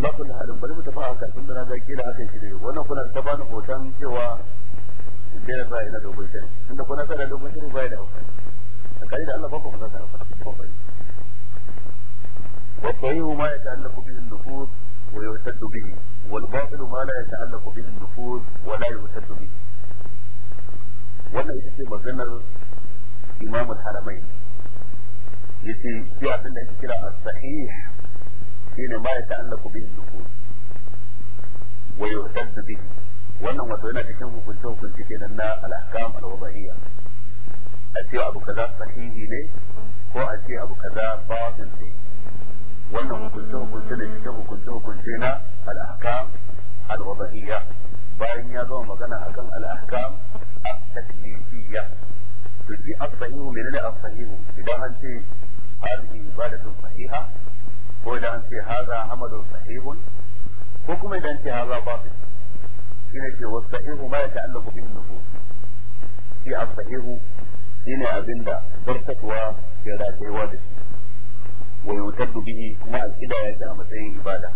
ala kulli halin bari mu tafi haka tun da na ga kila akan shi dai wannan kuna ta bani hoton cewa dai ba ina dogon shiri tunda kuna sa da dogon shiri ba da amfani a kai da Allah ba ku fata والصحيح ما يتعلق به النفوذ ويعتد به والباطل ما لا يتعلق به النفوذ ولا يعتد به wannan ita ce maganar imamul haramai yace shi abin da ake kira as-sahih shine ma ya ta'allaku bihi dukhul wa yuhtad bihi wannan wato yana cikin hukunce hukunci kenan na al-ahkam al-wadahiyya a ce abu kaza sahihi ne ko a ce abu kaza batil ne wannan hukunce hukunce ne cikin hukunce hukunce na al-ahkam al-wadahiyya bayan ya zama magana akan al-ahkam at-taklifiyya to ji as-sahihu menene as-sahihu idan an ce hadhihi ibadatun sahiha ko idan an ce haza amalun sahihun ko kuma idan ce haza shi ne ce wasu sahihu ma ya ta'allaqu bin nufus shi a sahihu shine abinda barkatuwa ke rayuwa da shi wa yutaddu bihi kuma aqida ya ce a matsayin ibada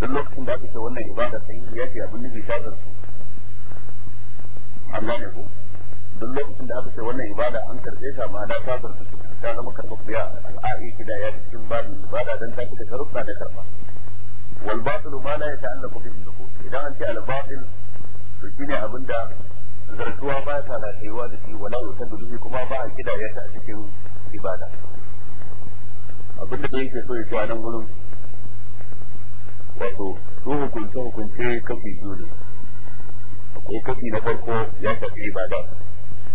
duk lokacin da aka ce wannan ibada sahihi ya ce abin da nufi ta su. an gane ku duk lokacin da aka ce wannan ibada an karɓe ta ma'ana ta zarta su ta zama karɓaɓɓiya al'a'i kida ya cikin babin ibada don ta fita sharuɗa da karɓa wal batil ma la yata'allaqu bihi nuqut idan an ce al batil to shine abin da zartuwa ba ta da kaiwa da shi wala yutadu bihi kuma ba a kida ya ta cikin ibada abin da yake so ya ce a nan gurin wato su hukunce hukunce kafi biyu ne akwai kafi na farko ya tafi ibada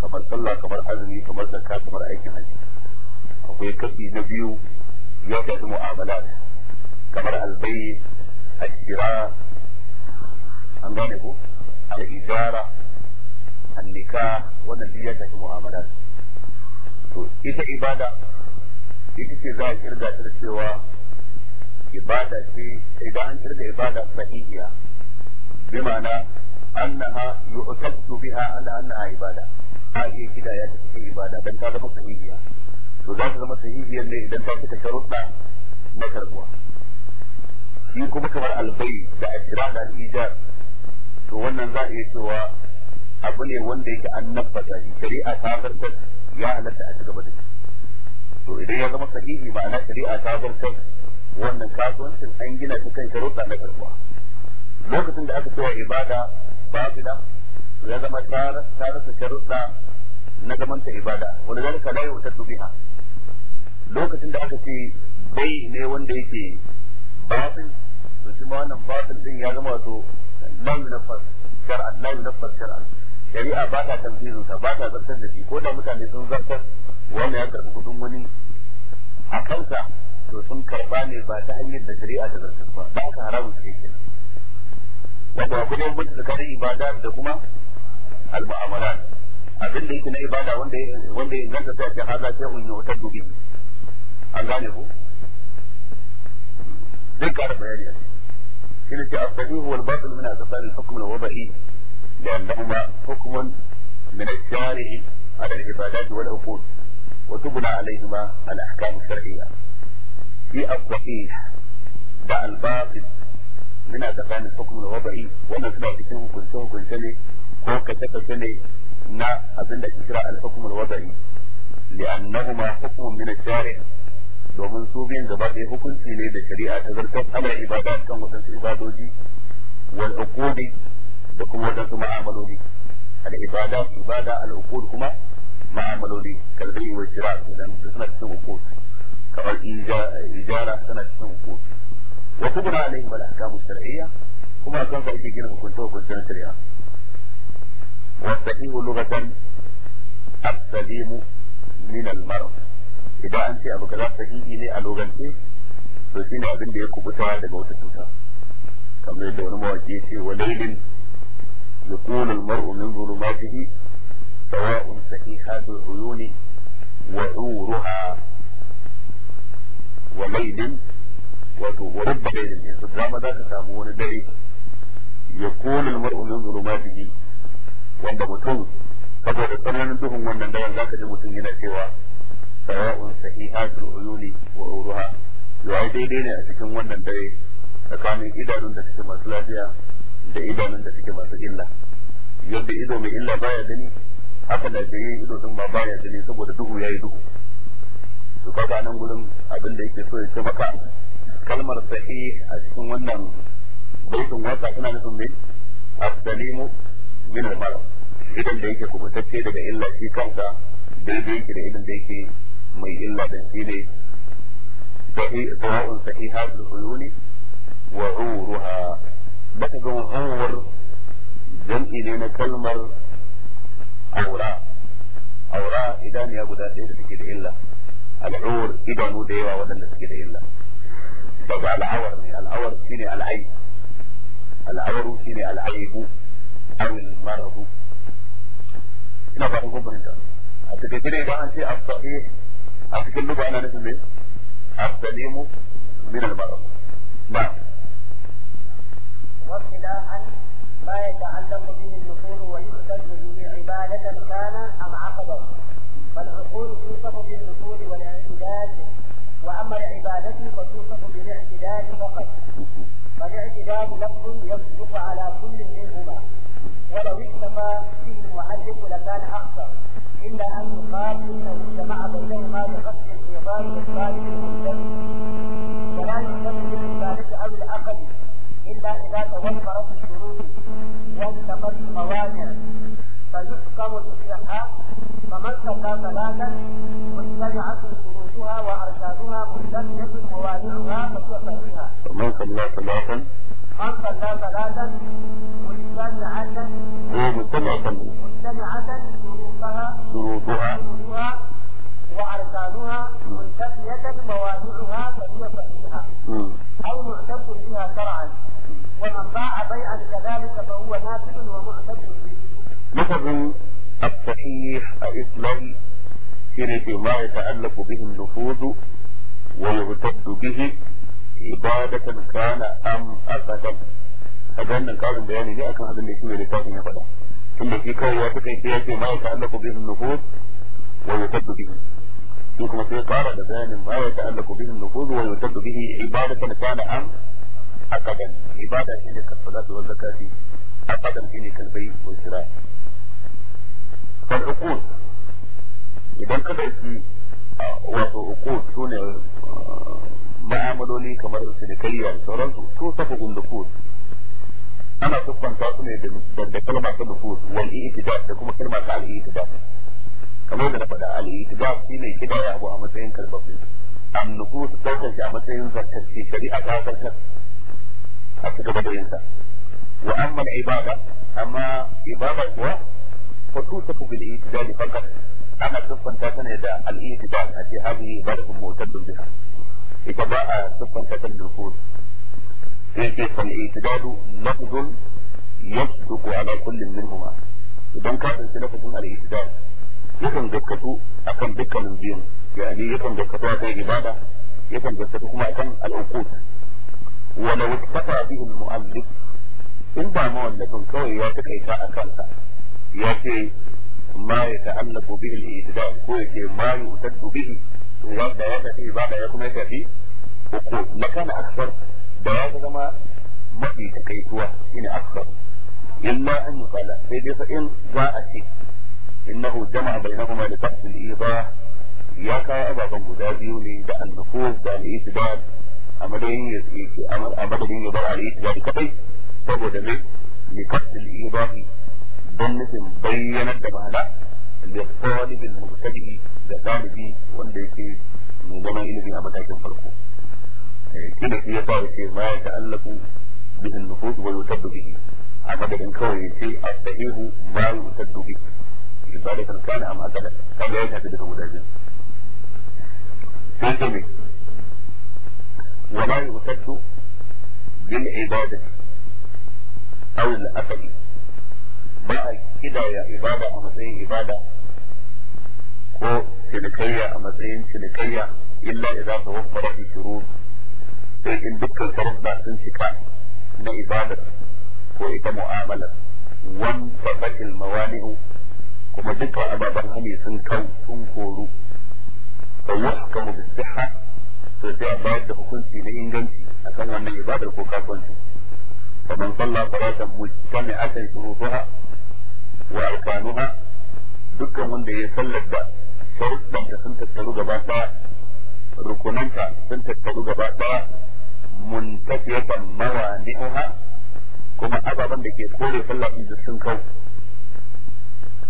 kamar sallah kamar azumi kamar zakka kamar aikin hajji akwai kashi na biyu ya shafi mu'amala kamar albai, ashira an gane ku? al-ijara annika wannan duk ya shafi mu'amala to ita ibada ita ce za a kirga ta cewa ibada ce idan an kirga ibada sahihiya bi ma'ana annaha yu'tabtu biha ala annaha ibada a iya kidaya ta cikin ibada dan ta zama sahihiya to za ta zama sahihiyar ne idan ta cika sharuɗa na karbuwa shi kuma kamar albai da ashira da al'ijar to wannan za a iya cewa abu ne wanda yake an nabbata shi shari'a ta zartar ya halatta a cigaba da shi to idan ya zama sahihi ma'ana shari'a ta zartar wannan kasuwancin an gina shi kan sharuɗa na karbuwa lokacin da aka cewa ibada ba su da ya zama ta rasa sharuɗa na zamanta ibada wani zalika ta yu'tadu ha lokacin da aka ce bai ne wanda yake batin to shi ma wannan batin din ya zama wato lam nafas shar'an na nafas shar'an shari'a ba ta tanfizu ta ba ta zartar da shi ko da mutane sun zartar wanda ya karbi kudin wani a kansa to sun karba ne ba ta hanyar da shari'a ta zartar ba ba ka haramun sai kenan wato akwai mutum tsakanin ibada da kuma al-mu'amalat abin da yake na ibada wanda wanda in ganta sai ya haza sai un yuta dubi an gane ku dai ka da bayani shi ne ce as-sahih wal batil min asbab al-hukm al-wada'i لأنهما حكم من الشارع على al والعقول وتبنى عليهما الأحكام الشرعية في الصحيح دع الباطل من أتقان الحكم الوضعي وأنا سمعت فيه كنت كنت ko kace kace ne na abin da ake kira al-hukm al-wada'i li'annahuma hukm min ash-shari' domin su biyan gaba ɗaya hukunci ne da shari'a ta zartar ala ibada kan wadansu ibadoji wal uqudi da kuma wadansu ma'amaloli al-ibada ibada al-uqud kuma ma'amaloli kalbi wa shira idan suna cikin uqud kamar ijara tana cikin uqud wa kubra alaihim al-ahkam ash-shar'iyya kuma kan ka ake gina hukunce hukuncen shari'a والسقيم لغة السليم من المرض إذا أنت أبو كلام صحيحي لي ألوغنتي فشين أبن دي كبتا لبوت التوتا كما يدون مواجيتي وليل يقول المرء من ظلماته سواء صحيحات العيون وعورها وليل ورب ليل إن صدام ذاك سامون دري يقول المرء من ظلماته wanda mutum saboda tsananin duhun wannan za ka ji mutum yana cewa sawa'un sahihatul uyuni wa uruha yayi daidai ne a cikin wannan dare tsakanin idanun da suke masu lafiya da idanun da suke masu illa yadda ido mai illa baya gani haka da gari ido din ma baya gani saboda duhu yayi duhu to kaga nan gurin abin da yake so ya ce maka kalmar sahih a cikin wannan baitin wata tana nufin me afdalimu min al-marad idan da yake kubutacce daga illa shi kansa daidai yake da idan da yake mai illa da shi ne sawa'un sahiha bil uyuni wa uruha baka ga huwar jam'i ne na kalmar aura aura idaniya guda ɗaya da take da illa al'ur idanu da yawa waɗanda suke da illa ba ba al'awar ne al'awar shine al'aib al'awaru shine al'aibu أو المرض ina fatan kun fahimta a takaice ne idan an ce as-sahih a cikin lugha ana وابتداء ما يتعلق به النفور ويقتد به عبادة كان أم عقبه فالعقول توصف بالنفور والاعتداد وأما العبادة فتوصف بالاعتداد فقط فالاعتداد لفظ يصدق على كل من ولو اكتفى به المؤلف لكان اخطر الا ان يقال انه اجتمع بينهما بقصد الفيضان والثالث المنتج ولا يهتم بالثالث او الاقل الا اذا توفرت الشروط وانتقت الموانع فيحكم بالصحه فمن صلى ثلاثا مجتمعه شروطها واركانها ملتزمه موانعها فهي صحيحه. من صلى ثلاثا؟ من صلى ثلاثا ومجتمع مجتمعة شروطها شروطها وأركانها منتفية موانعها فهي صحيحة أو معتد بها شرعا ومن باع بيعا كذلك فهو نافذ ومعتد به. لفظ الصحيح الإسلام شرك ما يتعلق به النفوذ ويعتد به عبادة كان أم أبدا kaga wannan karin bayani ne akan abin da shi mai littafin ya faɗa tun da shi kawai ya take ya ce ma ta Allah ku bihin nufus wa yutabbu bihi shi kuma sai fara da bayanin ma ya ta Allah ku bihin nufus wa yutabbu bihi ibada ibadatan kana an akadan ibada shi ne kasalatu wal a akadan shi ne kalbai ko shira fal uqud idan ka dauki wato uqud sune ma'amaloli kamar sinikariya da sauransu su safa gundukus ana kusanta su ne da da kalma ta nufus wal i'tidal da kuma kalma ta al-i'tidal kamar da fada al faɗa shi ne kida ya abu a matsayin karbabbe am nufus ta shi a matsayin zartacce shari'a ta zartar a ci gaba da yin sa wa amma al-ibada amma ibada kuwa fa tusafu bil i'tidal faqat ana kusanta ta ne da al-i'tidal a ce hadhihi ibadatu mu'tadun biha ita ba a kusanta ta nufus فالاعتداد إيه لفظ يصدق على كل منهما اذا كان في نقد الاعتداد يكون دكتو اكن دكا من بيون يعني يكون دكتو اكن عبادة يكون دكتو كما اكن العقود ولو اتفع به المؤلف ان با مولا تنكوي ياتك ايتا اكالتا ياتي ما يتعلق به الاعتداد كوي ما يؤتد به ويبدا يبدا يبدا يبدا يبدا يبدا يبدا يبدا يبدا da ya ga zama mafi takaituwa shine akbar illa an yuqala sai dai fa in za a ce innahu jama'a bainahuma da tahsil idha ya kawo ababen guda biyu ne da annufus da al da a madadin ya ce a madadin ya bar al-itibad kadai saboda me li tahsil idha don nufin bayyanar da ma'ana da talibin mubtadi da talibi wanda yake mai zaman ilimi a matakin farko كده في شيء ما يتألف به النفوذ ويسد به عمل الانكار شيء الصحيح ما يسد به لذلك كان أم أدلت كان يجهد به مدازم ثاني ولا يسد بالعبادة أو الأثر بقى كده يا عبادة أو مثلا عبادة ko cinikayya a matsayin cinikayya illa idan tawaffara fi shurut sai in dukkan ba sun cika na ibadar ko ita mu'amalar wan fabatil mawani'u kuma duka ababen hani sun kau sun koru fa yahkamu mu sihha to sai a bayar da hukunci na inganci akan wannan ibadar ko kasuwanci فمن صلى صلاة مجتمعة شروطها وأركانها dukkan wanda ya sallar da sharuɗanta sun tattaru gaba ɗaya rukunanta sun tattaru gaba ɗaya muntakiyatan mawani'uha kuma ababen da ke kore sallah din sun kau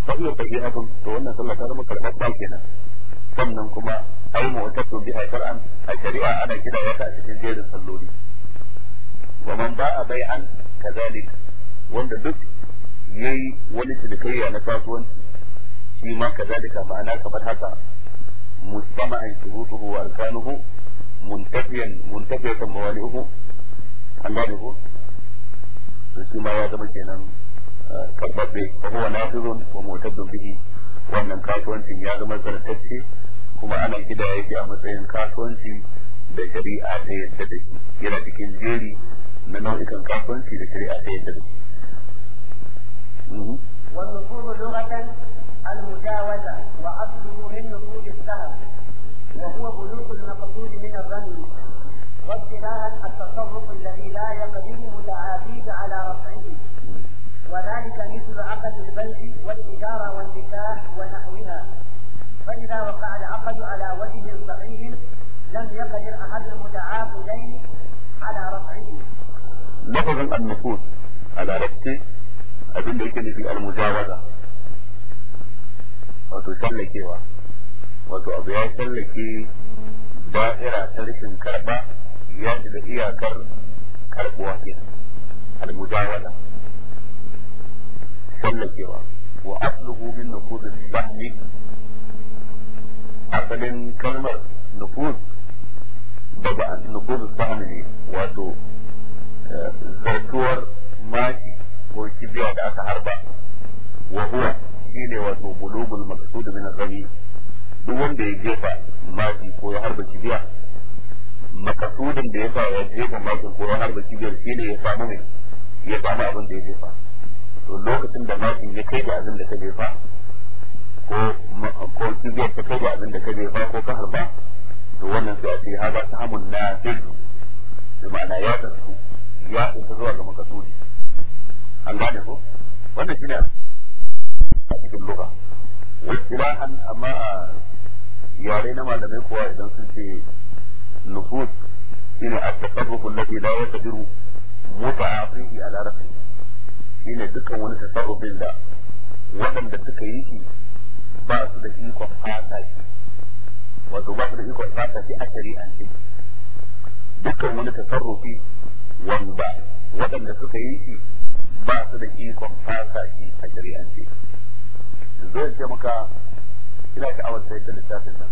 fa iya sahihatun to wannan sallah ta zama karɓar kenan sannan kuma ai mu'tatu a shar'an a shari'a ana kira wata a cikin jerin salloli wa man bai an kadhalik wanda duk yayi wani cinikayya na kasuwanci shi ma kazalika ma'ana kamar haka mustama'an shurutuhu wa arkanuhu muntafiyan muntafiyan mawali'uhu Allah ne ko to shi ya zama kenan tabbabe eh, ko huwa nafizun wa mu'taddun bihi wannan kasuwancin ya zama zartacce kuma ana kida yake a matsayin kasuwanci da shari'a ta yadda yana cikin jeri na nau'ikan kasuwanci da shari'a ta yadda da shi والنصوص لغة المجاوزة وأصله من نصوص السهم وهو بلوغ المقصود من الرمي التصرف الذي لا يقدر متعافيه على رفعه وذلك مثل عقد البلد والإدارة والنكاح ونحوها فإذا وقع العقد على وجه صحيح لم يقدر أحد المتعاقدين على رفعه لفظ النفوس على رفعه abin da yake nufi almujawaza wato sallakewa wato abu ya da'ira ta rashin karba ya shiga iyakar karbuwa ke almujawala sallakewa wa asluhu min nufuz sahmi asalin kalmar nufuz daga nufuz sahmi ne wato eh, zartuwar maki ko kibiya da aka harba wa huwa shine wato bulugul maqsud min rami duk wanda ya jefa maki ko ya harba kibiya makasudin da ya sa ya jefa maki ko ya harba kibiyar shi ne ya samu ne ya samu abin da ya jefa to lokacin da maki ya kai da abin da ka jefa ko ko kibiyar ta kai da abin da ka jefa ko ka harba to wannan sai a ce ha ba ta hamun na sai da ma'ana ya tasu ya isa zuwa ga makasudi an gane ko wannan shi ne a cikin lura wasu amma a yare na malamai kuwa idan sun ce nusus shine at-tasarruf alladhi la yaqdiru muta'afihi ala rafi shine dukkan wani tasarrufin da waɗanda suka yi shi ba su da ikon fata shi wato ba su da ikon fata shi a shari'ance dukkan wani tasarrufi wanda waɗanda suka yi shi ba su da ikon fata shi a shari'ance zai ce maka ina sha'awar sayar da littafin nan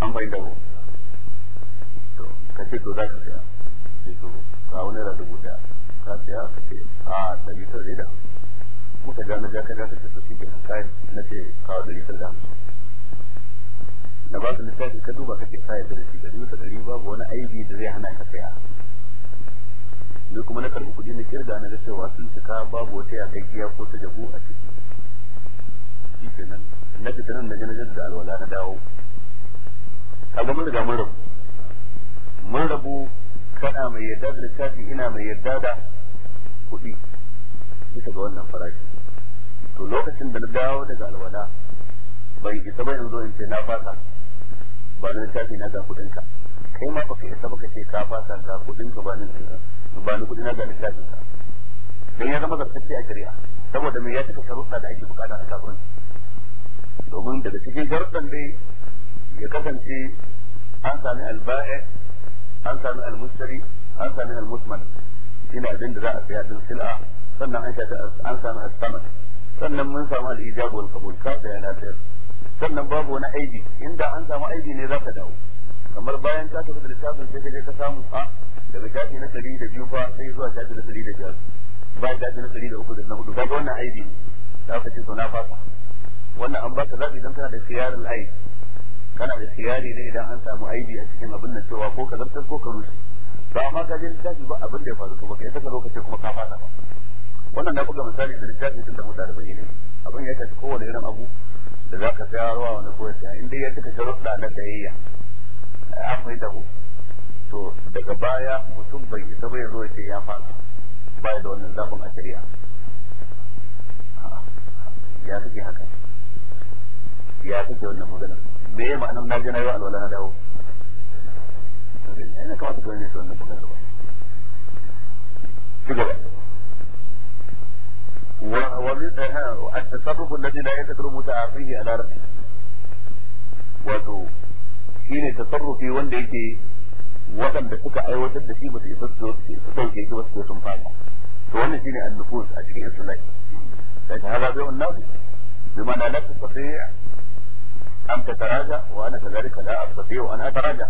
an bai da to ka ce to za ka siya. sai to ka wani da dubu da ka siya ka ce a dari zai da muka ja na ja ka ja ka ce ke na ce ka kawo dari tara da na ba su littafi ka duba ka ce kayan da shi da tara ba babu wani aibi da zai hana ka siya. ni kuma na karɓi kuɗi na kirga na ga cewa sun cika babu wata yaƙaƙiya ko ta jago a ciki shi nan na fita nan na ganin da alwala na dawo A mun riga mun rabu mun rabu kaɗa mai yarda da littafi ina mai yarda da kuɗi bisa ga wannan farashi to lokacin da na dawo daga alwala bai isa ba in zo in ce na fasa ba na littafi na ga kuɗin ka kai ma ba ka isa ba ka ce ka fasa ga kuɗin ka ba ni ba ni kuɗi na ga littafin ka dan ya zama zartacce a shari'a saboda me ya cika sharuɗa da ake bukata a kafirin domin daga cikin sharuɗan dai ya kasance an sami alba'i an sami almustari an sami almusman shine abin da za a saya din sil'a sannan an sami as-samad sannan mun samu al-ijab wal qabul ka da na tsayar sannan babu wani aibi inda an samu aibi ne za ka dawo kamar bayan ka tafi da littafin sai ka je ka samu a ah, daga shafi na ɗari da biyu fa sai zuwa shafi na ɗari da biyar bayan shafi na ɗari da uku da na hudu kaga wannan aibi ne za ka ce to na fasa wannan an baka zaɓi don kana da siyarar aibi kana da siyari ne idan an samu aibi a cikin abin nan cewa ko ka zartar ko ka rushe ba amma ka je littafi ba abin da ya faru to kai yi saka lokaci kuma ka fasa ba wannan na buga misali da littafi tun da mutane bai ne abin ya tafi kowane irin abu da za ka saya ruwa wani ko ya saya inda ya cika sharuɗa na sayayya an mai dahu to daga baya mutum bai isa bai zo ce ya fasa baya da wannan zafin a shari'a ya kake haka ya kake wannan maganar me ya ma'anar na je na alwala na dawo ina kamata ka wani wannan maganar ba ci gaba والتصرف الذي لا يذكر متعاطيه على رأسه wato shine tasarrufi wanda yake waɗanda suka aiwatar da shi ba su isa su sauke shi ba su sun fara to wannan shine annufus a cikin islahi da ta haɗa bai wannan bi ma la tastati an tataraja wa ana kadhalika da astati wa ana ataraja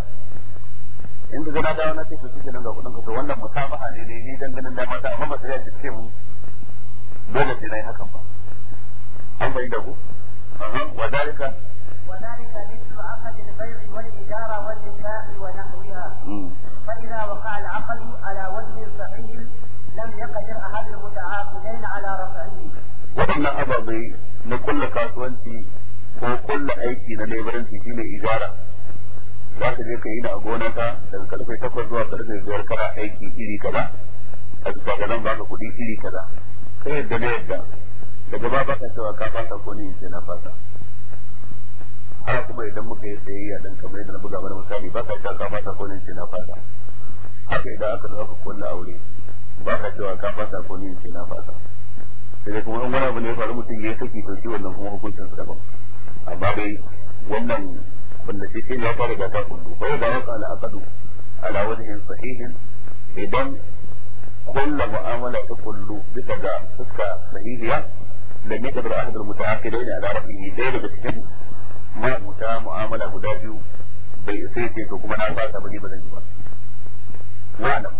inda gana da wannan take su cikin nan ga kudin ka to wannan mutabaha ne ne ni dangane da mata amma masu sai ya ce mu dole sai na yi hakan ba an bai da ku wa dalika وذلك مثل عقد البيع والإجارة والنكاح ونحوها فإذا وقع العقد على وجه صحيح لم يقدر أحد المتعاقدين على رفعه وإن أبضي لكل ko kulla aiki na leburanci shine ijara za ka je ka yi da a gonarka daga karfe takwas zuwa karfe biyar kana aiki iri kaza a bisa ga nan baka kuɗi iri kaza ka yadda na yadda daga ba baka cewa ka fasa ko ni ce na fasa har kuma idan muka yi tsayayya dan kamar yadda na buga mana misali ka cewa ka fasa ko ni ce na fasa haka idan aka zo ka kulla aure ka cewa ka fasa ko ni ce na fasa sai kuma wani wani abu ne ya faru mutum ya saki to shi wannan kuma hukuncin su daban amma dai wannan wanda shi ke na fara da ta kullu bai da wasa al'aqadu ala wajhin sahihin idan كل مؤاملة تقل بتجا فسكة صحيحية لم يقدر أحد المتعاقدين على رأيه دائما بتهم ما متى مؤاملة مدابيو بيسيتي تكون أنا بعد أبني بدني واعلم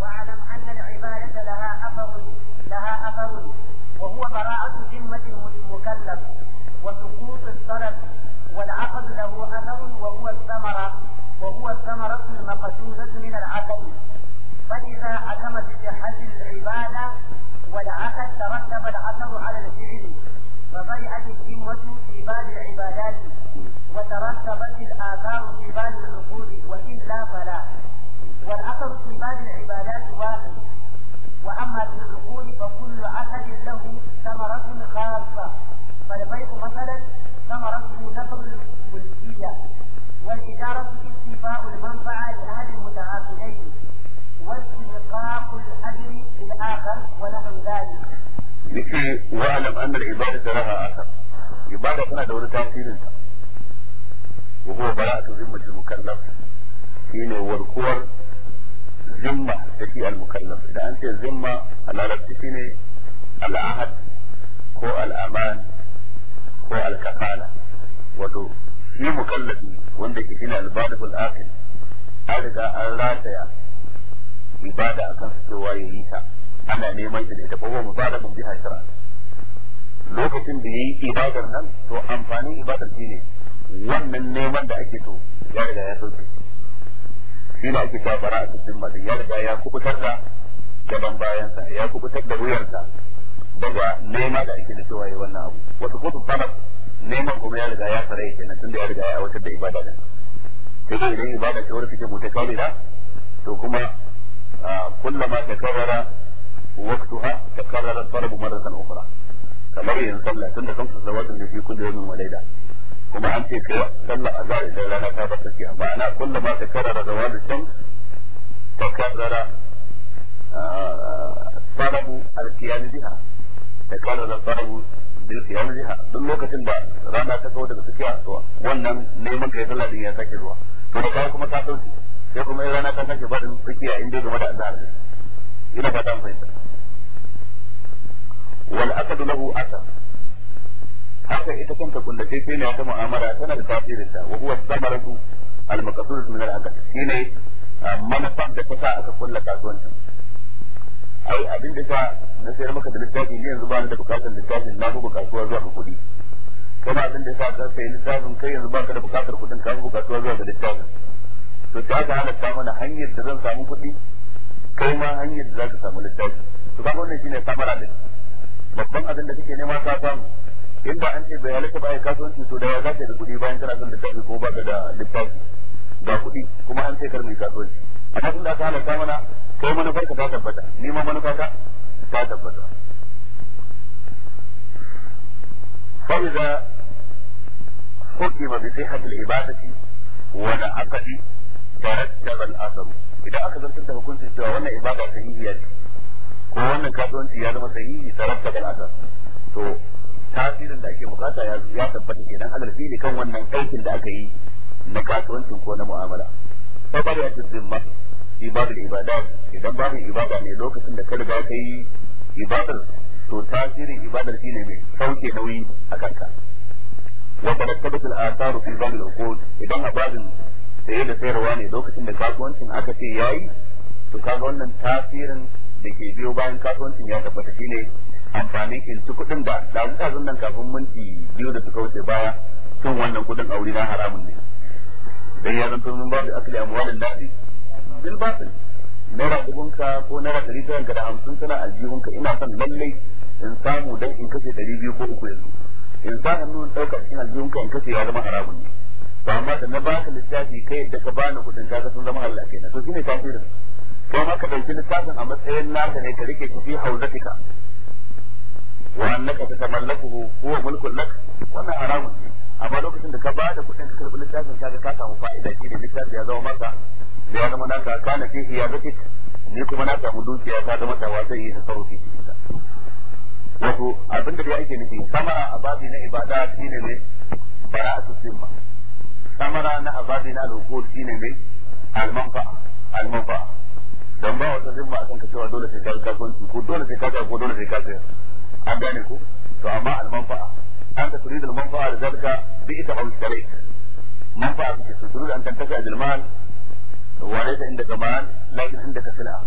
واعلم أن العبادة لها أثر لها أثر وهو براءة ذمة المكلف وسقوط الطلب والعقد له أثر وهو الثمرة وهو الثمرة المقصودة من العقد فإذا عدم بصحة العبادة والعقد ترتب العثر على الفعل فضيعت الذمة في بعض العبادات وترتبت الآثار في بعض العقود وإلا فلا والعقد في بعض العبادات واحد وأما في العقود فكل عقد له mukallaf shine warkuwar zimma da shi al-mukallaf idan an ce zimma a larabci shine al ko al ko al wato shi mukallafi wanda ke shine al-baligh al-aqil an an rataya ibada akan su cewa yayi ta ana neman ta da ita mu ba da lokacin da yayi ibadar nan to amfanin wannan neman da ake so ya riga ya sauke shi da ake kawo bara a cikin masu ya riga ya kubutar da gaban bayansa ya kubutar da wuyarsa daga nema da ake da cewa ya wannan abu wata kotun sana neman kuma ya riga ya fara kenan tun da ya riga ya aiwatar da ibada din sai dai idan ibada ta wurin take mutai kawai da to kuma kulla kullama ta karara وقتها تكرر الطلب مرة أخرى كما ينصلى سنة خمس صلوات في كل يوم وليلة kuma an ce sallah a zai idan rana ta ba amma ana kullum ba ta kara da wani can ta karara ah, farabu alkiyami biha ta karara farabu bil kiyami biha duk lokacin da rana ta kawo daga tsakiya to wannan neman kai sallah din ya sake zuwa to da kuma ta dauke sai kuma in rana ta sake barin tsakiya inda game da azhar ina fata mun fahimta wal asadu lahu asad haka ita kanta kullace ce ne ta mu'amala tana da tasirin ta wa huwa samaratu al-maqsud min al-aqd ne manufan da kusa aka kulla kasuwancin ai abin da ka na sayar maka da littafi ne yanzu ba ni da bukatar littafin na ku kasuwa zuwa ga kuɗi kuma abin da ka ka sayi littafin kai yanzu ba ka da bukatar kuɗin ka ku kasuwa zuwa ga littafin to ta ka halatta mana hanyar da zan samu kuɗi kai ma hanyar da za ka samu littafi to kaga wannan shine samara din babban abin da kake nema ka samu in ba an ce bai halatta ba ya kasuwanci to da ya zaka da kuɗi bayan kana son littafi ko baka da littafi ga kuɗi kuma an ce kar mai kasuwanci amma tun da aka halatta mana kai manufar ka ta tabbata ni ma manufa ta ta tabbata فإذا حكم بصحة العبادة والعقد idan aka zartar da أنت cewa wannan وأن عبادة صحيحية ko wannan kasuwanci ya zama sahihi tarattaba al-asar to tasirin da ake bukata ya ya tabbata kenan alal ne kan wannan aikin da aka yi na kasuwancin ko na mu'amala fa bari ya zimma ibadul ibada, idan babu ibada ne lokacin da ka riga ka yi ibadar to tasirin ibadar shine mai sauke nauyi a kanka wa tarattabat al-athar fi bab al-uqud idan abadin saye da sayarwa ne lokacin da kasuwancin aka ce yayi to kaga wannan tasirin da ke biyo bayan kasuwancin ya tabbata shi ne. amfanin in su kuɗin ba da sun nan kafin minti biyu da suka wuce baya sun wannan kuɗin aure na haramun ne dan ya zanto mun ba da akali amwalin lafi bil batil naira dubun ka ko na ɗari taran ka da hamsin kana aljihun ka ina son lallai in samu dan in kashe ɗari biyu ko uku yanzu in sa hannun ɗauka cikin aljihun ka in kashe ya zama haramun ne to amma da na baka lissafi kai da ka bani kuɗin ka sun zama Allah na, to shine tafsirin ko ma ka ɗauki lissafin a matsayin naka ne ka rike shi fi hauzatika wa annaka tatamallakuhu huwa mulkun lak wannan haramun ne amma lokacin da ka ba da kuɗin ka karɓi littafin ka ka samu fa'ida shi da littafi ya zama maka da ya zama naka kana fi hiyabatik ni kuma na samu dukiya ta zama ta wasa yi tasarrufi sauki. ta wato abin da yake nufi samara a babi na ibada shine ne cikin zimma samara na ababi na al-uqud shine ne al-manfa'a al dan ba wata zimma akan ka cewa dole sai ka kasuwanci ko dole sai ka ko dole sai ka sayar an gane ku to amma al-manfa'a anta turidu al-manfa'a lidhalika bi'ta aw ishtarik manfa'a kake so turidu an tantafi'a bil mal wa laysa indaka mal lakin indaka sil'a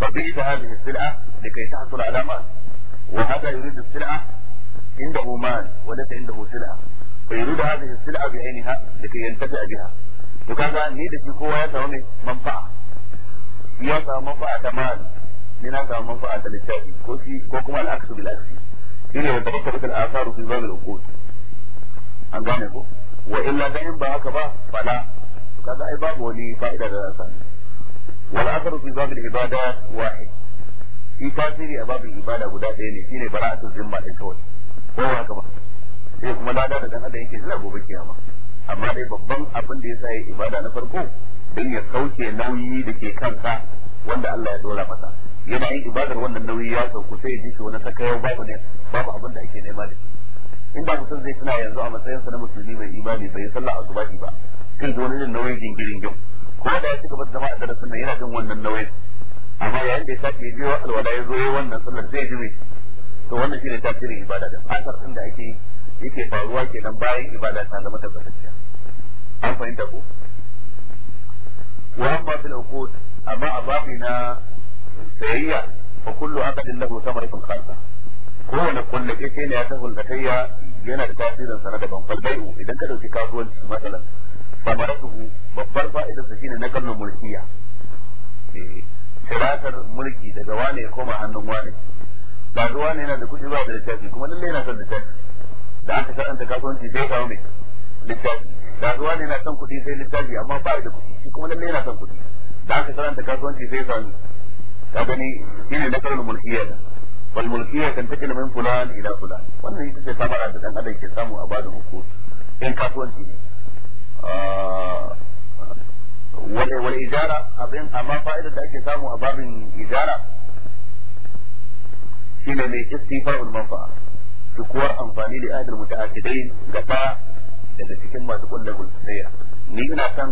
فبئت هذه السلعة لكي تحصل على مال وهذا يريد السلعة عنده مال وليس عنده سلعة فيريد هذه السلعة بعينها لكي ينتفع بها وكذا ني da shi kowa ya samu ne manfa'a ya samu manfa'a ta mali ni na samu manfa'a ta littafi ko shi ko kuma al'aksu bil aksi shine da tafakkaru al asaru fi zawil uqud an gane ko wa illa da in ba haka ba fala kaga ai babu wani fa'ida da za samu wal asaru fi zawil ibadat wahid shi tasiri a babin ibada guda ɗaya ne shine bara'atu zimma din kawai ko haka ba sai kuma lada da dan adam yake zina gobe kiyama amma dai babban abin da yasa yayi ibada na farko dan ya kauce nauyi da ke kansa wanda Allah ya dora masa yana yin ibadar wannan nauyi ya sauku sai ya ji shi wani saka yau babu ne babu abin da ake nema da shi in ba mutum zai tuna yanzu a matsayinsa na musulmi mai imani bai sallah asubahi ba kin zo wani nauyin gingirin yau ko da ya ci gaba da zama a darasin nan yana jin wannan nauyin amma yayin da ya tafi ya je alwala ya zo ya wannan sallar zai ji mai to wannan shine tasirin ibada da fatar din da ake yake faruwa kenan bayan ibada ta zama tabbatacciya an fahimta ko wa amma fil uqud amma a babi na sayayya fa kullu aqdin lahu thamaratun khalsa kowane kullake ne ya ta hulkatayya yana da tasirin sana daban fal bai'u idan ka dauki kasuwanci masalan samaratuhu babbar fa'idar sa shine nakalun mulkiya siratar mulki daga wane ya koma hannun wane ba ga wane yana da kuɗi ba da littafi kuma lalle yana son littafi da aka karanta kasuwanci sai kawo mai littafi da ga wane yana son kuɗi sai littafi amma ba da kuɗi shi kuma lalle yana son kuɗi da aka saranta kasuwanci sai sami ka gani shine na karin mulkiya da wal mulkiya kan take min fulan ila fulan wannan ita ce samara da dan adam ke samu a bada hukum in kasuwanci ne ah, wal wal ijara abin amma fa'idar da ake samu a babin ijara shine ne istifarul manfa'a kuwar amfani da adar mutaakidain gaba daga cikin masu kullu bulsayya ni ina san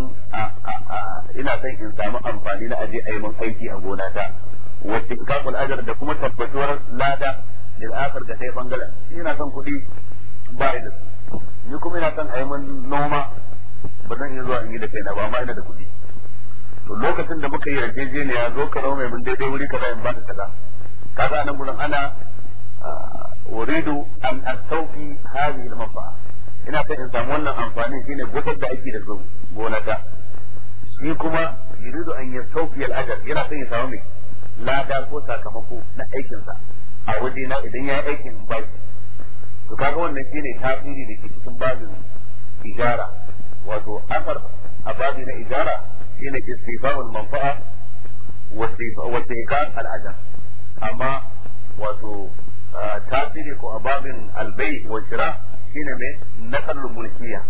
ina son in samu amfani na aje a yi mun aiki a gona ta wacce kakul ajar da kuma tabbatuwar lada da akar ga ɗaya bangaren ina son kuɗi ba da su ni kuma ina son a yi mun noma ba zan iya zuwa in yi da kaina ba amma ina da kuɗi to lokacin da muka yi yarjejeniya zo ka zama mai mun daidai wuri kaza in ba ta kaza kaga nan gurin ana uridu an astawfi hadhihi al-manfa'a ina son in samu wannan amfanin shine gudar da ake da su gonaka shi kuma yuridu an yastawfi al-ajr yana son ya samu mai lada ko sakamako na aikinsa a waje na idan ya yi aikin baki to kaga wannan shine tasiri da ke cikin babin ijara wato asar a babi na ijara shine istifa'ul manfa'a wa istiqam al-ajr amma wato ah, tasiri ko a babin albai bay wa shira' shine mai naqlul mulkiya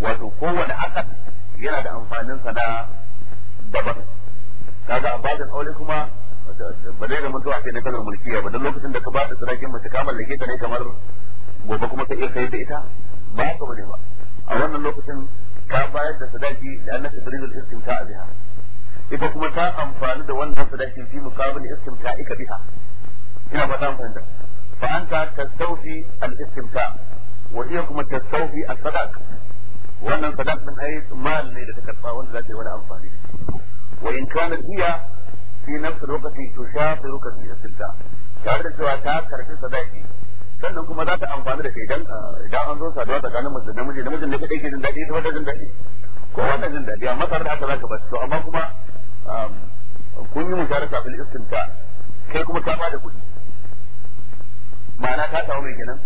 wato kowane akad yana da amfanin sa da daban kaga a bada aure kuma ba zai zama zuwa sai na kalar mulkiya ba don lokacin da ka ba da sadakin mace ka mallake ta ne kamar gobe kuma ka iya sayar da ita ba ka bane ba a wannan lokacin ka bayar da sadaki da annabi Ibrahim al-istimta biha ita kuma ta amfani da wannan sadaki fi muqabil istimta ika biha ina fata mun fahimta fa anta tastawfi al-istimta wa iya kuma tastawfi a sadaq wannan sadaq din ai mal ne da ta karfa wanda za ta yi wani amfani wa in kana hiya fi nafsi lokaci tushafiruka fi istilta tare da cewa ta karfi sadaqi sannan kuma za ta amfani da kai idan an zo saduwa tsakanin mace da namiji namijin da kadai jin daɗi ita wata jin daɗi ko wanda jin daɗi amma tare da haka za ka bar to amma kuma kun yi musharaka fil istinta kai kuma ka ba da kuɗi ma'ana ka samu mai kenan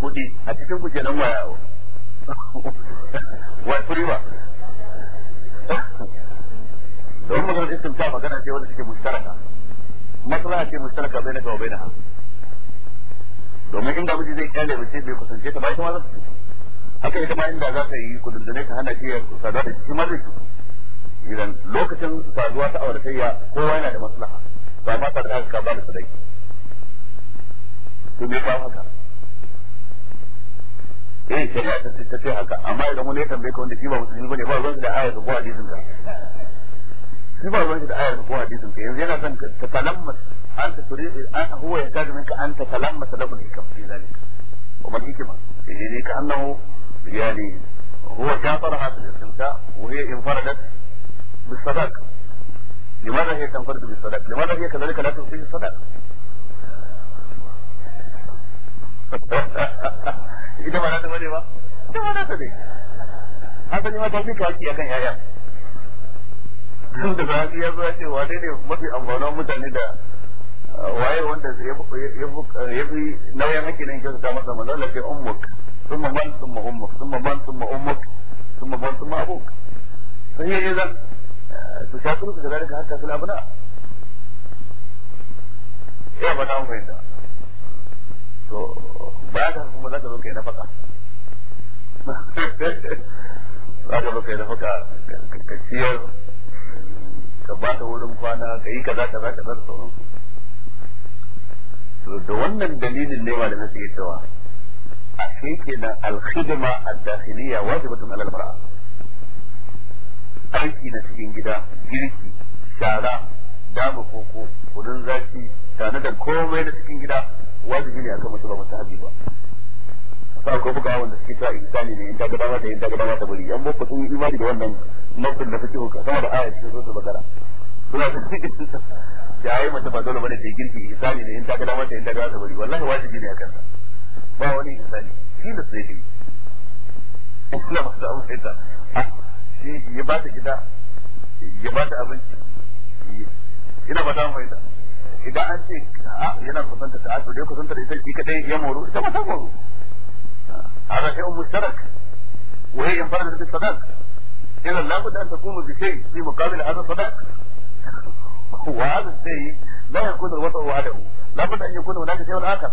kuɗi a cikin ku kenan waya wa kuri ba don maganar istimta magana ce wanda suke mushtaraka matsala ce mushtaraka bai na kawo bai na hannu domin inda miji zai kyale mace bai kusance ta ba ita ma za su haka ita ma inda za ta yi kudurdune ta hana shi ya saduwa da shi ma zai ci idan lokacin saduwa ta auratayya kowa yana da maslaha ba ma ta da aka ba da sadaki to me kawo haka eh ce ta ce haka amma idan wani ya tambaye ka wanda shi ba musulmi bane ba ruwan da ayar ko hadisin ka shi ba ruwan da ayar ko hadisin ka yanzu yana son ka talammas an ta turi an huwa ya kaji minka an ta talammas lahu hikam fi zalika wa man hikma yani eh, ka annahu yani huwa kafara fil istimta wa hiya infaradat bis sadaq لماذا هي تنفرد بالصدق؟ لماذا هي كذلك لا تنفرد بالصدق؟ ita ba na ta bane ba ita ba na ta ne asali ma ta fi kawaki akan yaya da sahabi ya zo ya ce wane ne mafi amfanin mutane da uh, waye wanda ya fi nauyin hakinin kyautata masa manzo Allah ce ummuk thumma man thumma ummuk thumma man thumma ummuk thumma man thumma abuk sai yayi zan to uh, shakuru da zalika hatta kula abuna ya ba ta fahimta to ba ka kuma za ka zo kai nafaka za ka zo kai nafaka ka ciyar ka ba ta wurin kwana ka yi kaza kaza kaza da sauransu to da wannan dalilin ne malamai suke cewa a shi kenan alkhidma ad-dakhiliya wajibatun alal mar'a aiki na cikin gida girki shara dama koko kudin zaki tare da komai na cikin gida wajibi ne akan mace ba mustahabi ba sa ko buga wanda suke ta insani ne in gaba gada mata gaba ta gada amma bari an sun imani da wannan nafsin da fikihu ka sama da ayat zo suratul bakara suna da cikin da yi mata ba dole bane da girki insani ne in ta gada mata in ta gada mata bari wallahi wajibi ne akan ta ba wani insani shi da sai gari ina masu da amsa ta shi ya ba ta gida ya ba ta abinci ina ba ta mu ita idan an ce yana kusanta ta to dai kusanta da ita shi kadai ya moru ita ma ta moru hada shay'un mushtarak wa hiya infarat bi sadaq idan la budda an takunu bi shay fi muqabil hada sadaq wa hada shay la yakunu watau wahdahu la budda an yakuna hunaka shay'un akhar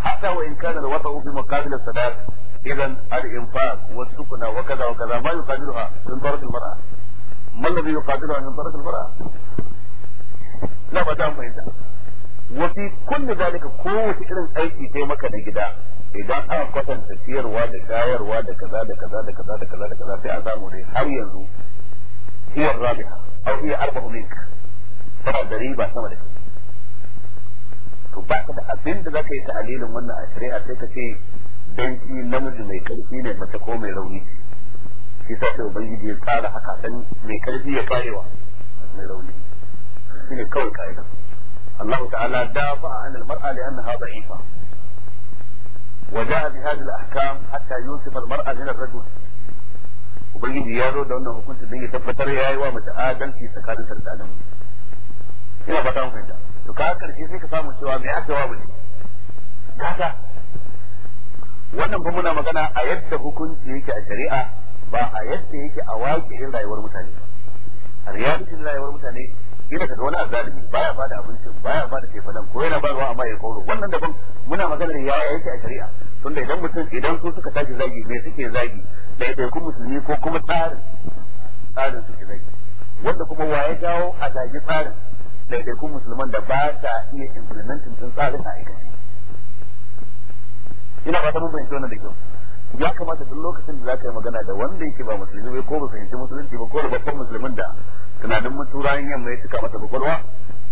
حتى Idan كان الوطأ في مقابل الصداق إذا wa والسكنى وكذا وكذا ما يقابلها من طرف المرأة ما الذي يقابلها من طرف mara. na ba mu fahimta wa fi kulli zalika kowace irin aiki sai maka na gida idan an kwatanta ciyarwa da shayarwa da kaza da kaza da kaza da kaza da kaza sai a samu dai har yanzu hiyar rabiha aw hiya arba'u mink ba da riba sama da kai to ba ka da abin da zaka yi ta'alilin wannan a shari'a sai ka ce dan namiji mai karfi ne mace ko mai rauni shi sai ubangiji ya tsara haka dan mai karfi ya karewa mai rauni shine kawai kaida Allah ta'ala dafa an al-mar'a li annaha da'ifa ubangiji ya zo da wannan hukunci ya tabbatar wa mace adalci tsakanin da ina fata mun fahimta to ka karshe sai ka samu cewa me aka wa mace kaga wannan fa muna magana a yadda hukunci yake a shari'a ba a yadda yake a waƙirin rayuwar mutane ba a rayuwar mutane ina ka wani azalimi baya bada abincin baya bada kefanan ko yana bayarwa amma ya kauro wannan daban muna maganar ya yake a shari'a tunda idan mutum idan su suka tashi zagi me suke zagi kun musulmi ko kuma tsarin tsarin suke zagi wanda kuma wa ya jawo a zagi tsarin kun musulman da ba sa iya implementing din tsarin a aikace ina ta mun bayyana wannan da kyau ya kamata duk lokacin da zaka yi magana da wanda yake ba musulmi bai ko ba fahimci musulunci ba ko da babban musulmin da tunanin muturayen yamma ya cika masa bakwalwa.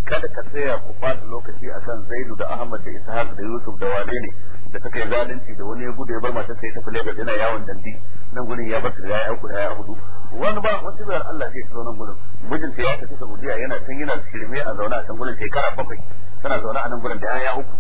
kada ka tsaya ku fata lokaci akan zaidu da ahmad da ishaq da yusuf da wane ne da ta kai zalunci da wani ya gudu ya bar mata sai ta fule yana yawon dandi nan gurin ya bar da ya ku ya hudu wani ba wasu bayar Allah zai tsoron nan gurin mijin ya tafi Saudiya yana tun yana shirme a zauna a can gurin shekara bakwai tana zauna a nan gurin da ya uku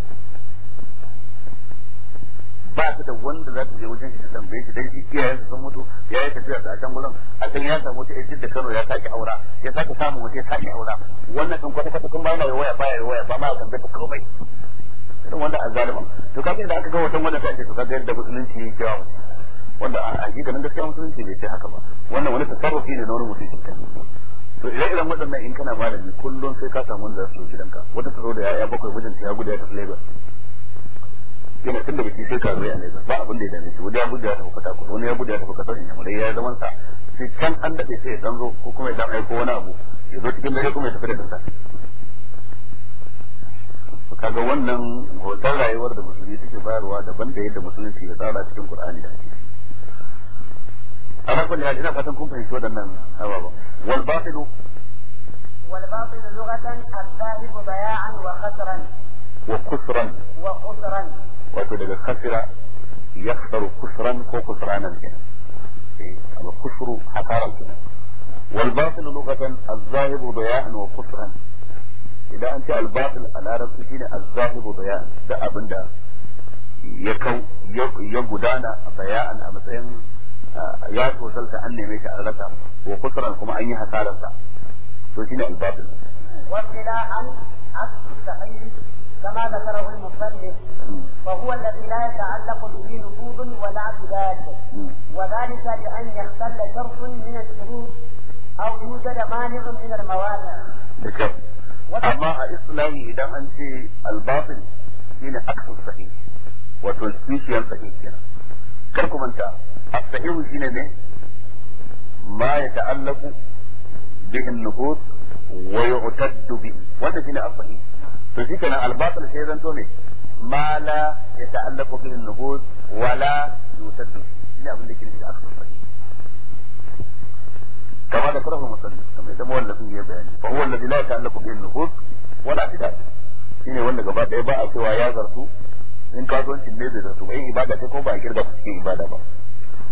ba su da wanda za su je wajen shi da bai shi dai shi iyayen su sun mutu ya yi tafiya a can gurin asan ya samu wata ƴar da Kano ya sake aura ya sake samu wata ya sake aura wannan sun kwata kwata sun ba mai waya baya ya waya ba ma kan ta komai irin wanda azaliman to kafin da aka ga wata wanda ta ce to kaga yadda musulunci ya jawo wanda a hakikanin gaskiya musulunci bai ce haka ba wannan wani tasarrufi ne na wani mutum kan to idan irin waɗannan in kana malami kullum sai ka samu wanda za su gidanka wata ta da ya bakwai wajen ta ya guda ya tafi Lagos yana tunda baki sai ka a nesa ba abin da ya dame shi wani ya bude ya tafi fata wani ya bude ya tafi kasar inyamurai ya zaman sa sai can an daɗe sai ya dan zo ko kuma ya dan aiko wani abu ya zo cikin dare kuma ya tafi da kansa kaga wannan hoton rayuwar da musulmi suke bayarwa daban da yadda musulunci ya tsara cikin qur'ani da ake ana kulli hal ina fatan kun fahimci wadannan ababa wal batilu wal batilu lughatan al-dhahib bay'an wa khasran وخسرا وخسرا وكل ذلك خسر يخسر خسرا وخسرانا الجنة الخسر حقار الجنة والباطل لغة الظاهر ضياء وخسرا إذا أنت الباطل أنا رسلين الظاهر ضياء ده أبن ده يكو يقودانا ضياء أمسين آه، ياتو سلسة أني ميشا أغلتا وخسرا كما أني حقارتا فهنا الباطل وابتداء عن عكس كما ذكره المصلي فهو الذي لا يتعلق به نفوذ ولا عبادات وذلك لان يختل شرط من الشروط او يوجد مانع من الموانع اما اسلامي اذا انت الباطل من عكس الصحيح وتلتمسي الصحيح كركم انت الصحيح هنا ما يتعلق به النفوذ ويعتد به وانت هنا الصحيح to shi kenan albatil sai zan to ne ma la yata'allaqu bil nuhud wa la yusaddu ina abin da ke da aka fadi kama da karfa musalli kamar da mawallafin ya bayani fa huwa alladhi la yata'allaqu bil nuhud wa la tidad shine wanda gaba daya ba a cewa ya zartu in kasuwancin ne bai zartu ba in ibada ce ko ba a kirga cikin ibada ba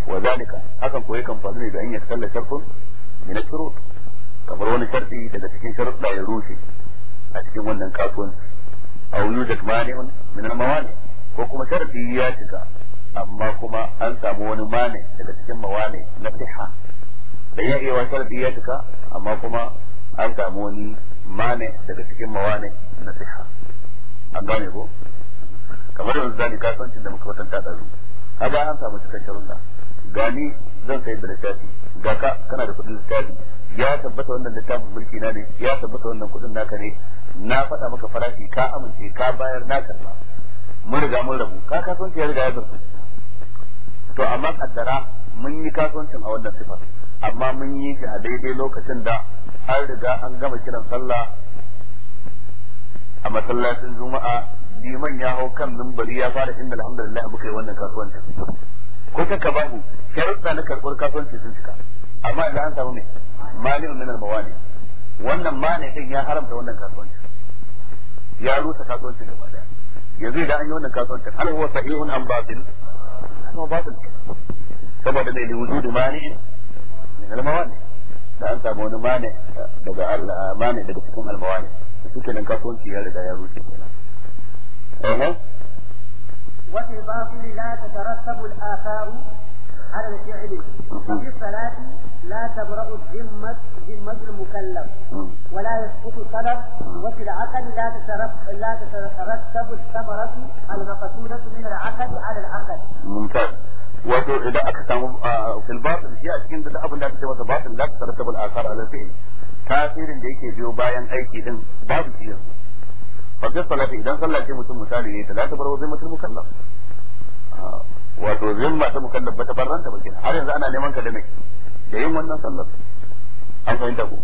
wa zalika hakan ko yakan faru ne da in ya kalla shartun min ashurut kamar wani sharti daga cikin da ya rushe a cikin wannan kasuwanci aw yujad mani'un min al-mawani ko kuma sharadi ya cika amma kuma an samu wani mani daga cikin mawani na fiha da ya iya sharadi ya cika amma kuma an samu wani mani daga cikin mawani na fiha an gane ko kamar yanzu zani kasuwancin da muka kwatanta da su a an samu cikakken sharuɗa gani zan sayar da littafi ga ka kana da kudin littafi ya tabbata wannan littafin mulki na ne ya tabbata wannan kudin naka ne na faɗa maka farashi ka amince ka bayar na karba mun riga mun rabu ka kasuwanci ya riga ya zarta to amma kaddara mun yi kasuwancin a wannan sifa amma mun yi shi a daidai lokacin da an riga an gama kiran sallah a masallacin juma'a liman ya hau kan mimbari ya fara inda alhamdulillah abu kai wannan kasuwancin ko ta ka bahu ka sharuɗa na karɓar kasuwanci sun cika amma idan an samu mai mali min al mawani wannan mali din ya haramta wannan kasuwanci ya rusa kasuwanci gaba daya yanzu idan an yi wannan kasuwanci har huwa sahihun an batil kuma batil saboda mai liwujudu mali min al mawani da an samu wani mali daga Allah mali daga cikin al mawali suke nan kasuwanci ya riga ya rusa kenan وفي الباطل لا تترتب الآثار على الفعل وفي الصلاة لا تبرأ ذمة ذمة المكلف ولا يسقط الطلب وفي العقد لا تترتب لا تترتب الثمرة المقصودة من العقد على العقد. ممتاز. wato idan aka samu fil batil shi a cikin duk abin da aka ce masa batil la tatarattabu al-athar ala fi'l tasirin da yake biyo bayan aiki din babu shi yanzu fa fi salati idan sallah ce mutum misali ne ta za ta bar wa zimmatul mukallaf ah, wato zimma ta mukallaf ba ta barranta ba kenan har yanzu ana neman ka da mai da yin wannan sallar an fahimta ku.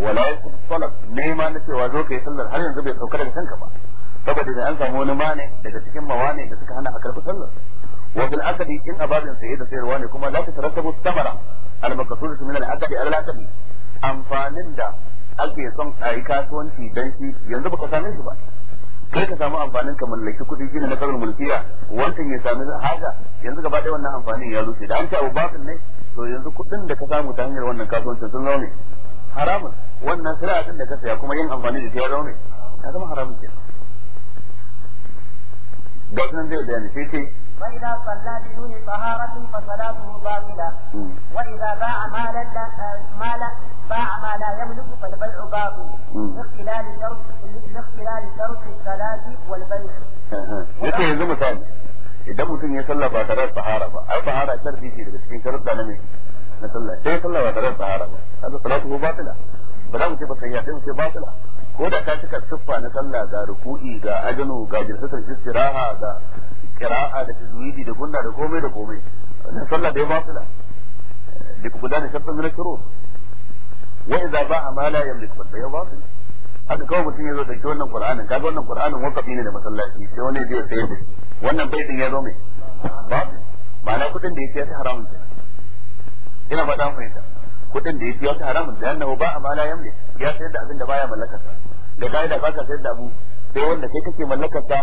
wala yakun salat nema na cewa zo kai sallar har yanzu bai sauka daga kanka ba saboda da an samu wani mane daga cikin mawane da suka hana a karɓi sallar wa bil akadi in ababin saye da sayarwa ne kuma za ta tatarattabu samara. al maqsudu min al akadi al akadi amfanin da ake son a yi kasuwanci dan shi yanzu baka same shi ba kai ka samu amfanin ka mallaki kuɗi ne na karin mulkiya wancan ya sami haka yanzu gaba ɗaya wannan amfanin ya rushe da an ce abubakar ne to yanzu kuɗin da ka samu ta hanyar wannan kasuwancin sun zaune haramun wannan sira din da ka saya kuma yin amfani da shi ya zama ya zama haramun ke ga sunan zai bayani sai ce فإذا صلى بدون طهارة فصلاته باطلة وإذا باع مالا لا مالا باع ما لا يملك فالبيع باطل لاختلال شرط لاختلال شرط الصلاة والبيع. yake yanzu misali idan mutum ya sallah ba tare da sahara ba ai sahara sharfi ce daga cikin sharuɗa na mai na sallah sai sallah ba tare da sahara ba kaga salatu ko batila ba za mu ce ba sai ya sai mu ce batila ko da ka cika siffa na sallah ga ruku'i ga ajinu ga jirsatul istiraha ga qira'a da tajwidi da gunna da komai da komai wannan sallah da ya batila da ku gudana shartan min shurur wa idza ba'a ma la yamliku fa ya batil haka kawai mutum ya zo da wannan qur'anin kaga wannan qur'anin wakafi ne da masallaci sai wani zai sayar da wannan baitin ya zo mai batil ma'ana kudin da yake ta haramun ina faɗa fahimta kudin da yake ta haramun da annahu ba'a ma la yamliku ya sayar da abin da baya mallakarsa da kai da baka sayar da abu sai wanda kai kake mallakarsa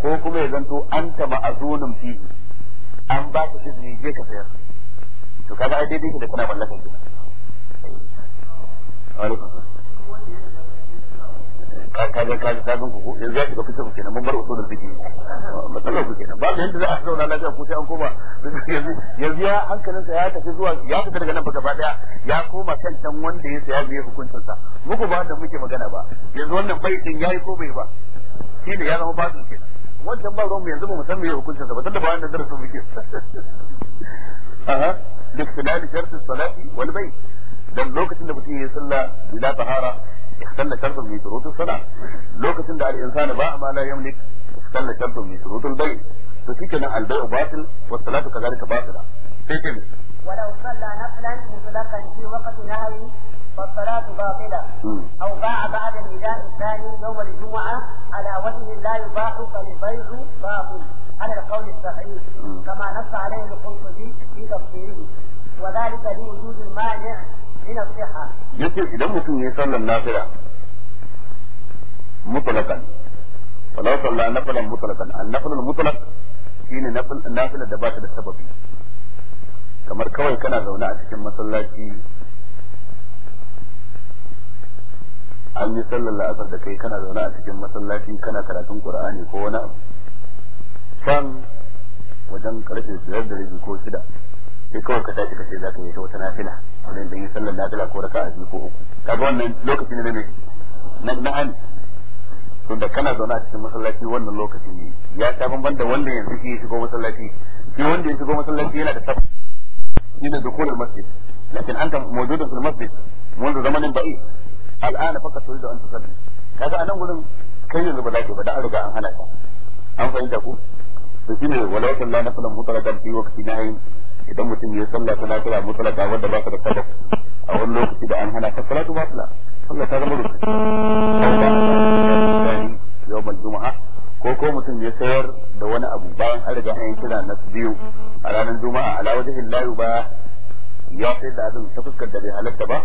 ko kuma ya zanto an taba zonin fiye an ba ka izini je ka sayar to kaga a daidai da kuna mallakar gida kaga ta kaga ku yanzu ya shiga fitar kenan mun bar usulul fiqh matsalar ku kenan za a zauna sai an koma yanzu ya hankalin sa ya tafi zuwa ya fita daga nan fa gaba ya koma kan can wanda ya saya bai hukuncin sa muku ba da muke magana ba yanzu wannan bai yayi ko bai wancan ba ruwan mu yanzu ba mu san me hukuncin sa ba tunda ba da darasin muke aha liftilali shartu salati wal bayt dan lokacin da mutum ya salla bila tahara ikhtalla shartu min shurutus sala lokacin da al-insanu ba ma la yamlik ikhtalla shartu min shurutul bayt to shi kenan al-bay'u batil was salatu kadhalika batila sai kenan ولو صلى نفلا مطلقا في وقت نهي فالصلاة باطلة أو باع بعد النداء الثاني يوم الجمعة على وجه لا يباح فالبيع باطل على القول الصحيح كما نص عليه القرطبي في تفسيره وذلك لوجود المانع من الصحة. يمكن إذا ممكن يصلي النافلة مطلقا ولا صلى نفلا مطلقا النفل المطلق في نفل النافلة ba ta كما كوي كان kawai kana zaune an yi sallar la'asar da kai kana zaune a cikin masallaci kana karatun qur'ani ko wani abu can wajen karfe biyar da rabi ko shida sai kawai ka tashi ka ce za ka yi wata nafila wajen da yi sallar nafila ko raka a biyu ko uku kaga wannan lokaci ne ne na an tunda kana zaune a cikin masallaci wannan lokaci ne ya ta banban da wanda yanzu ke shigo masallaci shi wanda ya shigo masallaci yana da tabbata yana da kullum masjid lakin anta mawjudun fil masjid منذ زمن بعيد al'ana faqat turidu an tusalli kaga anan gurin kai ba ka ba da an riga an hana an fahimta ku to shine idan mutum ya salla lafiya mutlaqa wanda ba ka da sabab a wani lokaci da an hana salatu ba ta sallah ta zama yau juma'a ko ko mutum ya sayar da wani abu bayan an an kira na biyu a ranar juma'a ala wajhin la ba ya sai da abin ta fuskar da bai halatta ba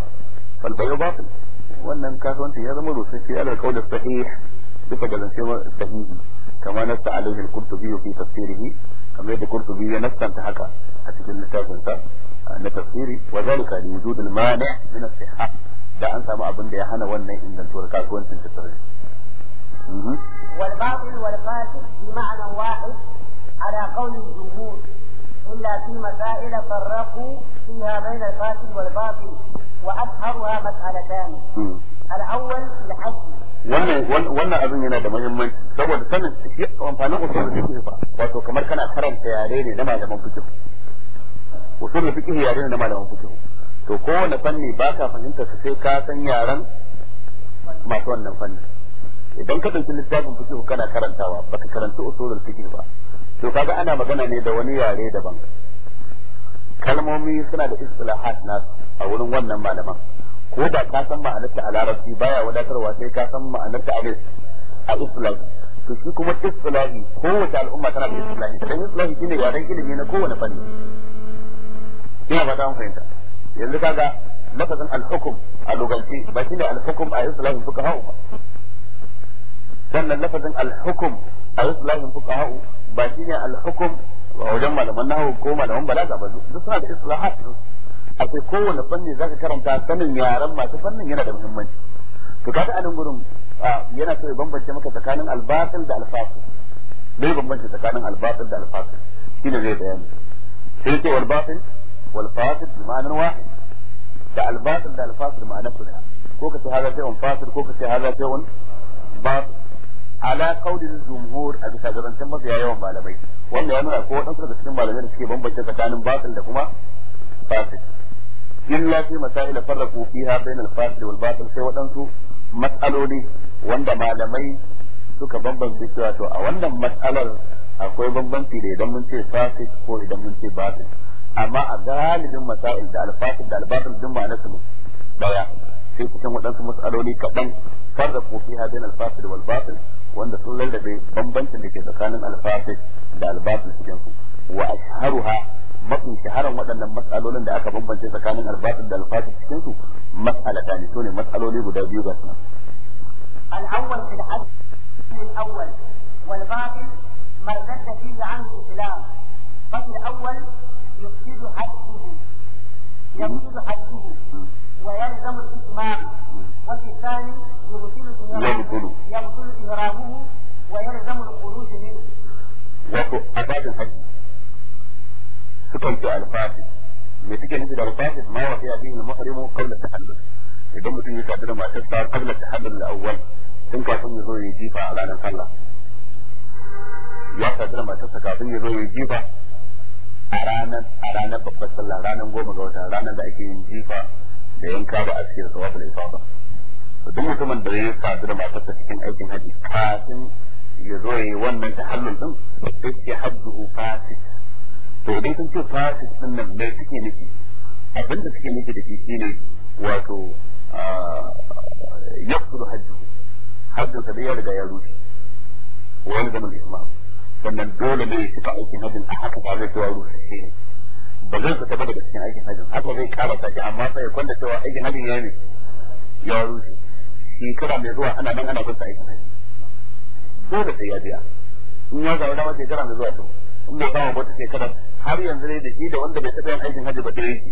فالبيع باطل وان كان انت هذا مو في على القول الصحيح بفضل انت الصحيح كما نص عليه القرطبي في تفسيره كما يد القرطبي نص انت حكى حتى النتاج انت ان تفسيري وذلك لوجود المانع من الصحه ده انت ما ابن ده هنا وان ان انت ورك كنت انت والباطل والباطل بمعنى واحد على قول الجمهور الا في مسائل فرقوا فيها بين الفاسد والباطل وأشهرها مسألتان الأول العدل wannan wannan abin yana da muhimmanci saboda sanin shi amfanin usul fiqh ba wato kamar kana karanta yare ne na malaman fiqh usul fiqh yare ne na malaman fiqh to kowane fanni ba ka fahimta ka sai ka san yaren masu wannan fanni idan ka dauki littafin fiqh kana karantawa baka karanta usulul fiqh ba to kaga ana magana ne da wani yare daban kalmomi suna da istilahat nasu a wurin wannan malaman ko da ka san ma'anarta a larabci baya wadatarwa sai ka san ma'anarta a a islam to shi kuma islahi kowace al'umma tana da islahi dan islahi shine wa dan ilimi na kowane fanni ina ba ta fahimta yanzu kaga lafazin al-hukm a lugalci ba shine al-hukm a islahi fuka hawa sannan lafazin alhukum hukum a islahin fuqaha'u ba shine al-hukum a wajen malaman nahwu ko malaman balaga ba duk suna da islahat akwai kowane fanni zaka karanta sanin yaran masu fannin yana da muhimmanci to kaga anan gurin yana so ya bambance maka tsakanin al da al-fasil bai bambance tsakanin al da al-fasil shine zai bayani sai ce wal batil wal fasil bi ma'anar wahid da al da al-fasil ma'anar ko ka ce hada sai on fasil ko ka ce hada sai on batil ala kaulin jumhur a bisa garancin masu yawan malamai wanda ya nuna ko wadansu daga cikin malamai da suke bambance tsakanin batil da kuma fasil illa fi masail farraqu fiha bain al-fasil wal batil sai wadansu matsaloli wanda malamai suka bambance cewa to a wannan matsalar akwai bambanci da idan mun ce fasil ko idan mun ce batil amma a galibin masail da al-fasil da al-batil din ma'anarsu daya sai kusan waɗansu matsaloli kaɗan ko fi hadin alfasir wal batil wanda sun lallabe bambancin da ke tsakanin alfasir da albatil cikin su wa ashharuha mafi shaharan waɗannan matsalolin da aka bambance tsakanin albatil da alfasir cikin su mas'alata ne sune matsaloli guda biyu ga su al-awwal fil al-awwal wal batil ما ارتد فيه عن الاسلام ففي يفسد حده يفسد حده ويلزم الإتمام وفي الثاني يبطل إهرامه يبطل إهرامه ويلزم الخروج منه wato abadin haji sukan ce alfasid me suke nufi da alfasid ma wa fi abin idan mutum ya sadu da matarsa qabla tahallul al-awwal tun kafin ya zo ya jifa a ranar sallah ya sadu da matarsa kafin ya zo ya jifa a ranar a ranar babbar sallah ranar goma ga wata ranar da ake yin jifa da yanka ba a cikin sawabul ba to duk mutumin da ya sadu da matarsa cikin aikin haji kafin ya zo ya yi wannan ta hannun din yake hadduhu fasid to idan sun ce fasid ɗin nan da suke nufi abin da suke nufi da shi shine wato yaqulu hadduhu haɗu sa ya riga ya rushe wani zaman isma sannan dole ne ya fita aikin haɗin a haka ba zai cewa rushe ne ba zai fita ba daga cikin aikin hajjin haka zai karasa shi amma sai kwanda cewa aikin hajjin ya ne ya rushe shekara mai zuwa ana nan ana bin sa aikin hajji dole sai ya biya in ya zama dama shekara mai zuwa to in bai kama wata shekara har yanzu ne da shi da wanda bai taɓa yin aikin hajji ba da yake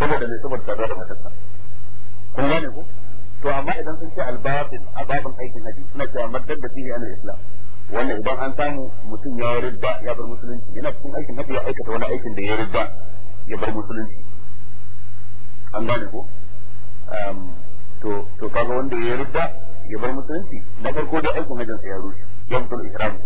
saboda mai saboda tsada da matarsa kun gane ko to amma idan sun ce albabin ababin aikin hajji suna cewa maddar da fihi anil islam wannan idan an samu mutum ya yi ribba ya bar musulunci yana cikin aikin haka ya aikata wani aikin da ya ridda ya bar musulunci an gane ko to to kaga wanda ya ridda ya bar musulunci na farko da aikin hajjinsa ya rushe ya mutum ihramu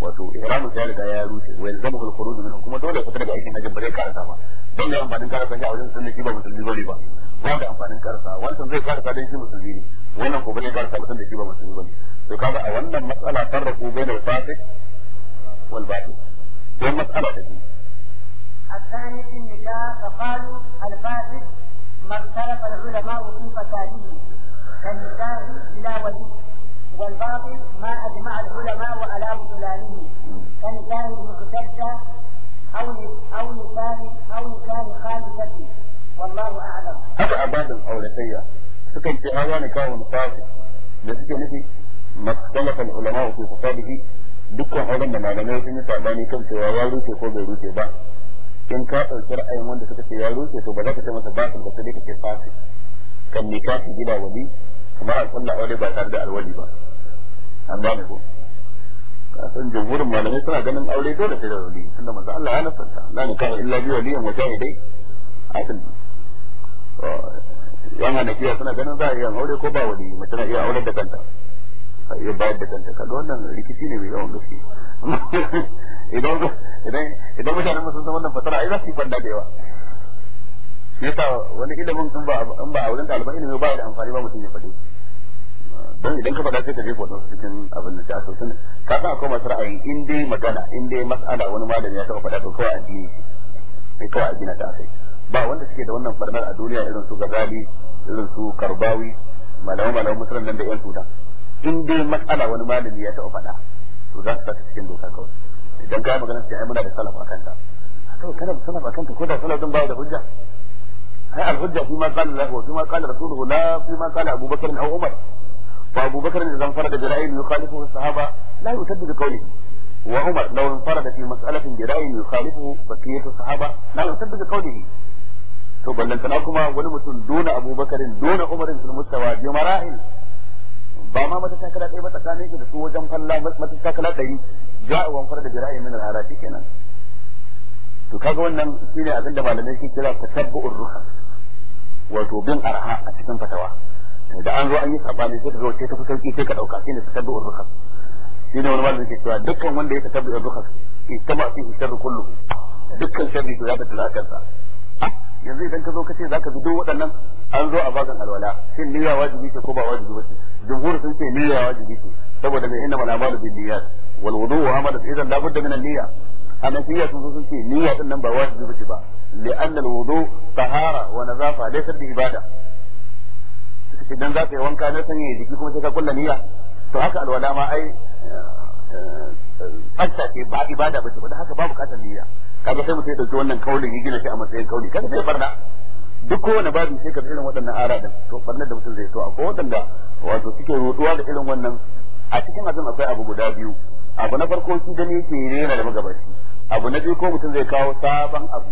wato ihramu ya riga ya rushe wa yanzu al kuru da kuma dole fita daga aikin hajji ba karasa ba don ga amfanin karasa shi a wajen sunna shi ba musulmi bane ba ba da amfanin karasa wannan zai karasa dan shi musulmi ne wannan ko bane karasa mutum da shi ba musulmi bane to kaga a wannan matsala tarrafu bayna al fasik wal batil don matsala ta biyu الثاني في النكاح فقالوا الفاسد ما اختلف العلماء في فساده الباطل ما أجمع العلماء على بطلانه كنكاه خامسة والله هذا sukan ce an wani kawo musafi da suke nufi masalatan ulama su dukkan auren da malamai sun yi sabani kan cewa ya rufe ko bai rufe ba in ka ɗauki ra'ayin wanda suka ce ya rufe to ba za ka ce masa basin ba sai dai ce fasi kan nikahi gida wali kamar a kulla aure ba tare da alwali ba an gane ko kasan jamhurin malamai suna ganin aure dole sai da wali tunda manzo Allah ya nasarta la ni kawai illa bi waliyin wa shahidai adal yan hanafiya suna ganin za a iya aure ko ba wali mace na iya aure da kanta a iya bayar da kanta kaga wannan rikici ne mai yawan gaske idan idan idan mutanen sun san wannan fatara ai za su yi banda da yawa ne yasa wani ilimin in ba in ba auren ɗaliban ilimi ba ya da amfani ba mutum ya faɗi don idan ka faɗa sai ka jefa wasu cikin abin da ta sosai ka san akwai masu ra'ayi in dai magana in dai mas'ala wani malami ya taɓa faɗa to kawai addini sai kawai addini ta sai ba wanda suke da wannan farnar a duniya irin su gazali irin su karbawi malamu malamu musulun nan da yan sudan in dai mas'ala wani malami ya taɓa faɗa to za su sa cikin doka kawai idan ka yi magana sai ai muna da salaf a kanta kawai kana da salaf a kanta ko da salaf din ba da hujja هي الحجة فيما قال الله وفيما قال رسوله لا فيما قال abu بكر أو عمر وابو بكر اذا انفرد برأي يخالفه الصحابه لا يشد بقوله وعمر لو انفرد في مسألة برأي يخالفه بقية الصحابة لا يشد بقوله to ballantana kuma wani mutum dona abubakarin dona umarin sun mustawa biyu mara'il ba ma mata takala ɗaya ba tsakanin shi da su wajen falla mata takala ɗari ja'a wan farda da ra'ayin min al-harafi kenan to kaga wannan shine abin da malamai suke kira tasabbu'ur ruha wato bin arha a cikin fatawa da an zo an yi sabani sai ka zo sai ka fi sauki sai ka dauka shine tatabbu'ur rukhas shi ne wani malamin ke cewa dukkan wanda ya tatabbu'ur rukhas istama fi sharru kullum dukkan sharri to ya tattala kansa yanzu idan ka zo ka ce za ka bi duk waɗannan an zo a bazan alwala shin niyya wajibi ce ko ba wajibi ba ce jumhur sun ce niyya wajibi ce saboda mai inna mal amalu bin niyyat wal wudu wa amalat idan la budda min an niyya hanafiya sun zo sun ce niyya din nan ba wajibi ba ce ba li anna al wudu tahara wa nazafa laysa bi ibada idan za ka yi wanka na sanya jiki kuma sai ka kulla niyya to haka alwala ma ai eh, tsafta ce ba ibada ba ce ba haka babu bukatar niyya kaga sai mutum ya dauki wannan kaulin ya gina shi a matsayin kauli kaga sai barna duk kowane babu sai ka irin waɗannan ara da to farna da mutum zai so akwai waɗanda wato suke rutuwa da irin wannan a cikin azan akwai abu guda biyu abu na farko shi gani yake rera da magabaci abu na biyu ko mutum zai kawo sabon abu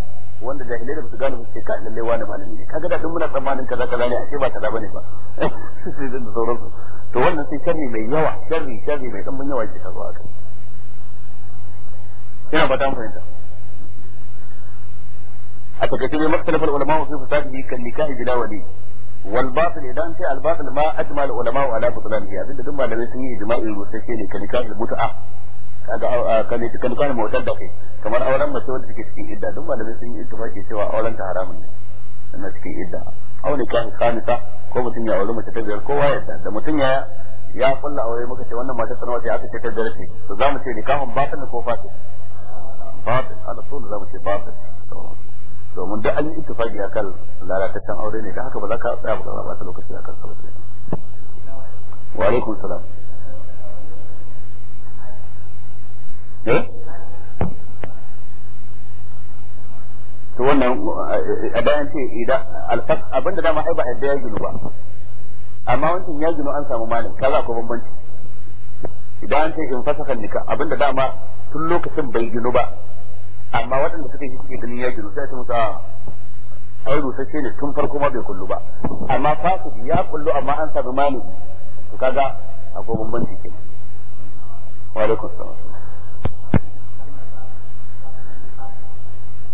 wanda jahilai da su gane suke kai lalle wani malami ne kaga da muna tsammanin kaza kaza ne ashe ba kaza bane ba sai da sauran su to wannan sai sharri mai yawa sharri sharri mai dan yawa yake kazo aka ina fata mun fahimta a takaice ne maktalafar ulama su fasadihi kan nikahi bila wali wal batil idan sai al batil ma ajmal ulama ala butlanihi abinda duk malamai sun yi ijma'i rusace ne kan nikahi muta'a kaga kalli kan kan motar da kai kamar auren mace wanda take cikin idda duk malamai sun yi ittifaki cewa auren ta haramun ne sannan cikin idda aure kan khamisa ko mutum ya auri mace ta biyar kowa yadda da mutum ya ya kulla aure muka ce wannan matar sanawa ce aka ce ta biyar ce to za mu ce nikahun batin ko fatin batin ala sun za mu ce batin domin duk an yi ittifaki akan lalataccen aure ne da haka ba za ka tsaya ba ba ta lokaci akan sabbi wa alaikum salam Eh? to wannan a bayan ce idan alfaq abinda dama ai ba a da ya ginu ba amma wancan ya ginu an samu malin kaza ko bambanci idan an ce in fasaka nika abinda dama tun lokacin bai ginu ba amma waɗanda suka yi suke ganin ya ginu sai su musa ah, ai rusasshe ne tun farko ma bai kullu ba amma fasu ya kullu amma an samu malin to kaga akwai bambanci kenan wa alaikum salam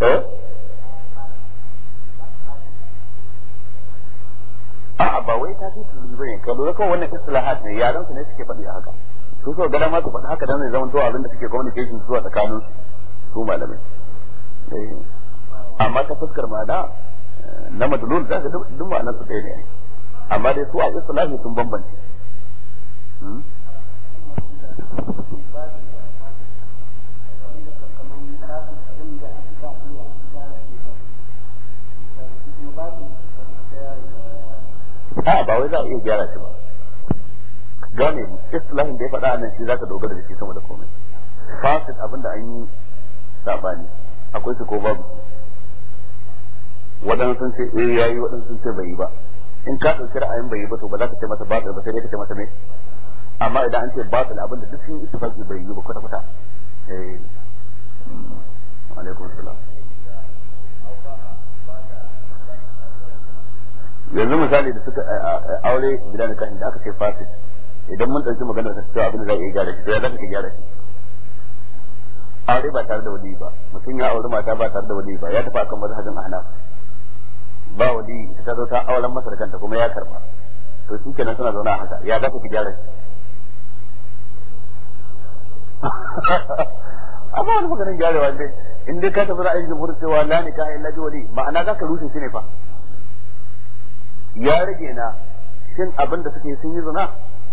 a'a ba wai ta fi tuli bane ka lura kawai wannan istilahat ne yaran su ne suke faɗi haka su so gada ma su faɗi haka dan ne zaman to abin da suke communication zuwa tsakanin su malamai eh. amma ta fuskar ma da eh, na madlul da duk ma'anar su ɗaya ne amma dai su a istilahi sun bambance hmm? a ba wai za a iya gyara shi ba gane islahin da ya faɗa nan shi zaka dogara da shi sama da komai fasid abinda an yi sabani akwai su ko babu su waɗansu sun ce eh yayi waɗansu sun ce bai yi ba in ka ɗauki ra'ayin bai yi ba to ba za ka ce masa batil ba sai dai ka ce masa me amma idan an ce batil da duk sun yi istifaki bai yi ba kwata-kwata eh alaikum salam yanzu misali da suka aure gida da kahin da aka ce fasit idan mun ɗauki magana da cewa abin da za a iya gyara shi to ya za ka gyara shi aure ba tare da wali ba mutum ya aure mata ba tare da wali ba ya tafi akan mazhabin ahnaf ba wali ita ta zo ta auren masa da kanta kuma ya karba to shi kenan suna zaune a haka ya za ka gyara shi amma wani maganin gyarewa dai in dai ka tafi ra'ayin jumhur cewa la nikaha illa bi wali ma'ana za ka rushe shi ne fa ya rage na shin abin da suke sun yi zina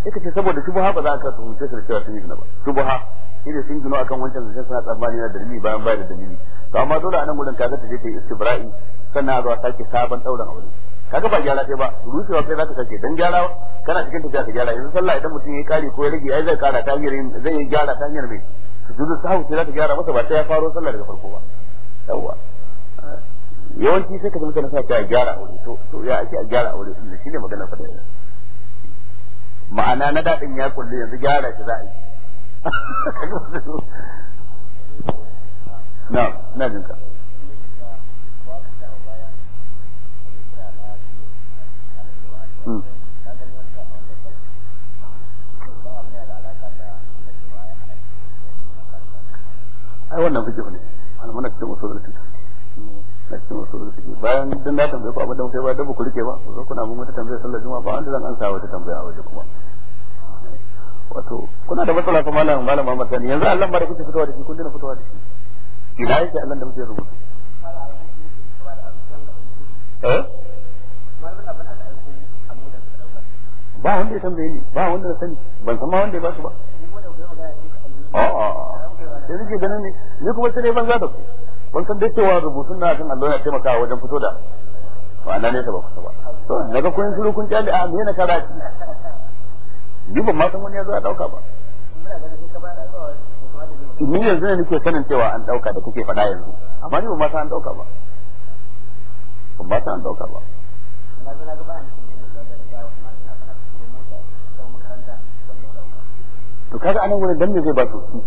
ita ce saboda shubha ba za ka tuhumce su da cewa sun yi zina ba shubha shine sun gino akan wancan zancen suna tsammani na dalili bayan bayan da dalili to amma dole a nan gudun kaga ta je ta yi istibra'i sannan a zuwa sake sabon ɗaurin aure kaga ba gyara kai ba rushewa kai ka sake dan gyara kana cikin tafiya ka gyara yanzu sallah idan mutum ya kare ko ya rage ai zai kara ta hanyar zai gyara ta hanyar mai su zuzu sahu sai ta gyara masa ba sai ya faro sallah daga farko ba yawwa yawanci sai ka zama mutane sa ta gyara aure to to ya ake a gyara aure din ne magana fa da ma'ana na dadin ya kulli yanzu gyara shi za a yi na na ka hmm. ai wannan kuke ne malaman da cikin usul al a cikin usulul fiqh bayan dan na tambaye ku abin sai ba ku rike ba ku zo kuna mun wata tambaya sallar juma'a ba wanda zan wata tambaya a waje kuma wato kuna da matsala malam malam Muhammad Sani yanzu Allah kuke fitowa da shi kun dina fitowa da shi ina yake Allah da muke rubutu eh ba wanda ya tambaye ni ba wanda sani ban san ma wanda ya ba su ba a'a sai suke ganin ne ni kuma sai da ku kun san dai cewa rubutun na kan Allah yana taimakawa wajen fito da ma'ana ne ta ba kusa ba to daga kun shiru kun kyale a ah, me na karatu ni ban ma san wani ya zo a dauka ba ni yanzu ne nake sanin cewa an dauka da kuke faɗa yanzu amma ni ba ma san an dauka ba ba ma san an dauka ba to kaga anan wurin dan me zai ba su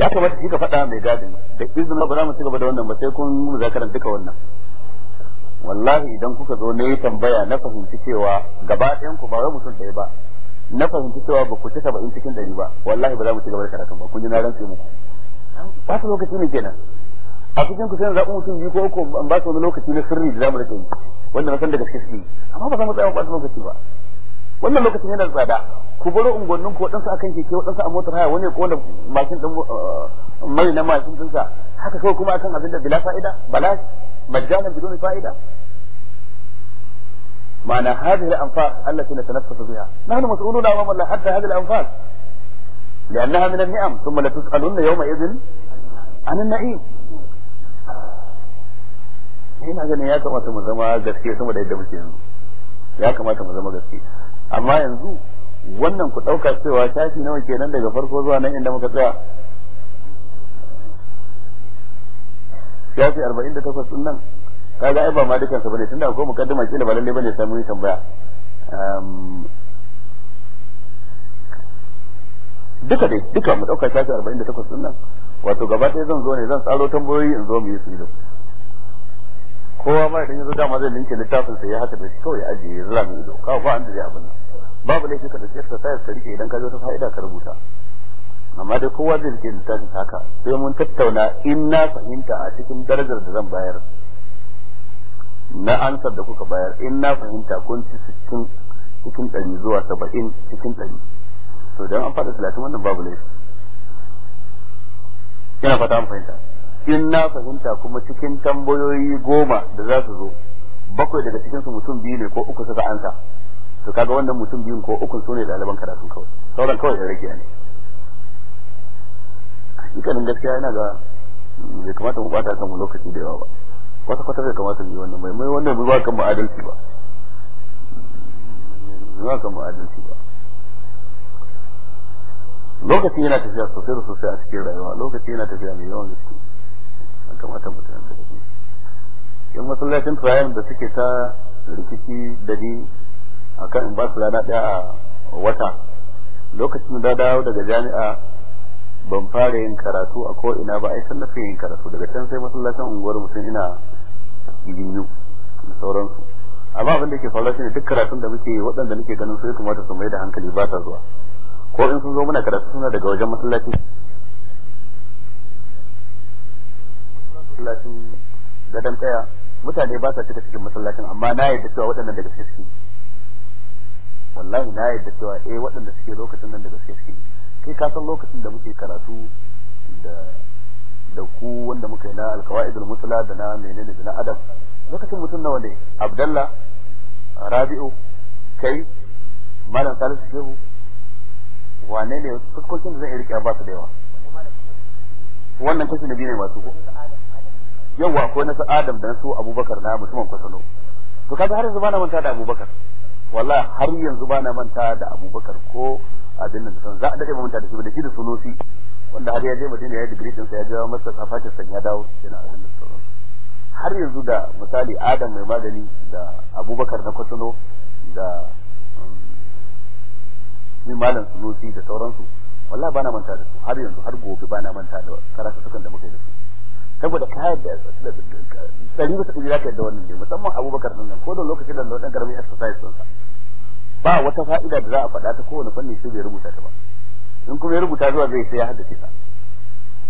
ya kamata shi ka faɗa mai gadin da izinin ba za mu ci gaba da wannan ba sai kun karanta duka wannan wallahi idan kuka zo na yi tambaya na fahimci cewa gaba ɗayan ku ba wai mutum ɗaya ba na fahimci cewa ba ku ci saba'in cikin ɗari ba wallahi ba za mu ci gaba da karatun ba kun ji na rantse muku ba su lokaci ne kenan a cikin ku sai zaɓi mutum biyu ko uku an ba su wani lokaci na sirri da za mu rike yi wanda na san da gaske suke amma ba za mu tsaya ba su lokaci ba wannan lokacin yana tsada ku baro unguwannin ku waɗansu akan keke waɗansu a motar haya wani ko wanda mashin eh, mai na mashin dinsa haka kawai kuma akan abin da bila fa'ida bala majjalan bidon fa'ida Ma'ana معنى هذه الأنفاس التي نتنفس بها نحن مسؤولون أمام الله حتى هذه الأنفاس لأنها من النعم ثم لتسألن يومئذ عن النعيم ina ganin ya kamata mu zama gaske sama da yadda muke yanzu ya kamata mu zama gaske amma yanzu wannan ku ɗauka cewa shafi nawa kenan daga farko zuwa nan inda muka tsaya shafi arba'in da takwas ɗin nan kaga ai ba ma dukansa bane tunda akwai mukaddima kila ba lalle bane samu tambaya duka dai duka mu ɗauka shafi arba'in da takwas ɗin nan wato gaba ɗaya zan zo ne zan tsaro tambayoyi in zo mu yi su kowa ma idan yazo dama zai linke littafin sai ya haka da shi kawai ajiye ya zura ido ka ba an da zai abin babu laifi ka dauki exercise ka rike idan ka zo ta fa'ida ka rubuta amma dai kowa zai rike littafin haka sai mun tattauna in na fahimta a cikin darajar da zan bayar na ansar da kuka bayar in na fahimta kun ci cikin cikin ɗari zuwa saba'in cikin ɗari to idan an faɗa talatin wannan babu laifi ina fata an fahimta in na fahimta kuma cikin tambayoyi goma da za su zo bakwai daga cikin su mutum biyu ne ko uku suka ansa to kaga wannan mutum biyun ko uku su ne ɗaliban karatu kawai sauran kawai da rage ne hakikanin gaskiya yana ga mm, bai kamata mu bata kan lokaci da yawa ba kwata kwata bai kamata mu yi wannan mai mai wannan ba kan mu adalci ba ba kan mu adalci ba lokaci yana tafiya sosai da sosai a cikin rayuwa lokaci yana tafiya mai yawan gaskiya an kamata mutum ya sani yan masallacin turayen da suke ta rikici da ni akan in ba su rana daya a wata lokacin da dawo daga jami'a ban fara yin karatu a ko ina ba ai sallafin yin karatu daga can sai masallacin unguwar mutum ina yiwu da sauransu amma abin da ke faruwa ne duk karatun da muke yi waɗanda muke ganin su ya kamata su mai da hankali ba ta zuwa ko in sun zo muna karatu suna daga wajen masallaci masallacin gadon tsaya mutane ba sa cika cikin masallacin amma na yadda cewa waɗannan da gaske suke wallahi na yadda cewa eh waɗanda suke lokacin nan da gaske suke kai ka san lokacin da muke karatu da da ku wanda muka yi na alkawaidul musula da na menene da na adam lokacin mutum nawa ne abdalla rabi'u kai malam salisu shehu wane ne fuskokin da zai iya rike ba su da yawa wannan kashi na biyu ne masu ko yawa ko na su Adam da su Abubakar na mutumin kwatano to kaga har yanzu bana manta da Abubakar wallahi har yanzu bana manta da Abubakar ko abin da san za a dade manta da shi da shi da sunusi wanda har ya je Madina ya degree din sa ya jawo masa safatar san ya dawo yana abin nan har yanzu da misali Adam mai magani da Abubakar na kwatano da um, ni malam sunusi da sauransu wallahi bana manta da su har yanzu har gobe bana manta da karatu da muka yi da su saboda kayar da tsari ta ɗari zaka yadda wannan ne musamman abubakar nan ko da lokacin da ɗan karamin exercise ɗinsa ba wata fa'ida da za a faɗa ta kowane fanni shi bai rubuta ta ba in kuma ya rubuta zuwa zai sai ya haddace ta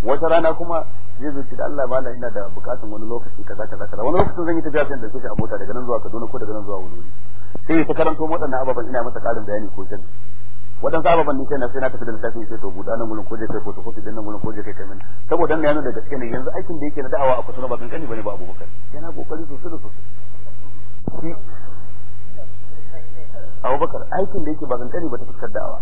wata rana kuma zai zuci da Allah bala ina da bukatun wani lokaci kaza kaza kaza wani lokacin zan yi tafiya sai da shi a mota daga nan zuwa Kaduna ko daga nan zuwa wani sai ta karanto waɗannan ababen ina masa ƙarin bayani ko shan waɗansu ababen ni kaina sai na tafi da littafin sai to buɗa nan gurin ko je kai foto ko din nan gurin ko je kai kamin saboda nan yana da gaske ne yanzu aikin da yake na da'awa a kusa ba kankani bane ba Abubakar yana kokari sosai da sosai Abubakar aikin da yake ba kankani ba ta fuskar da'awa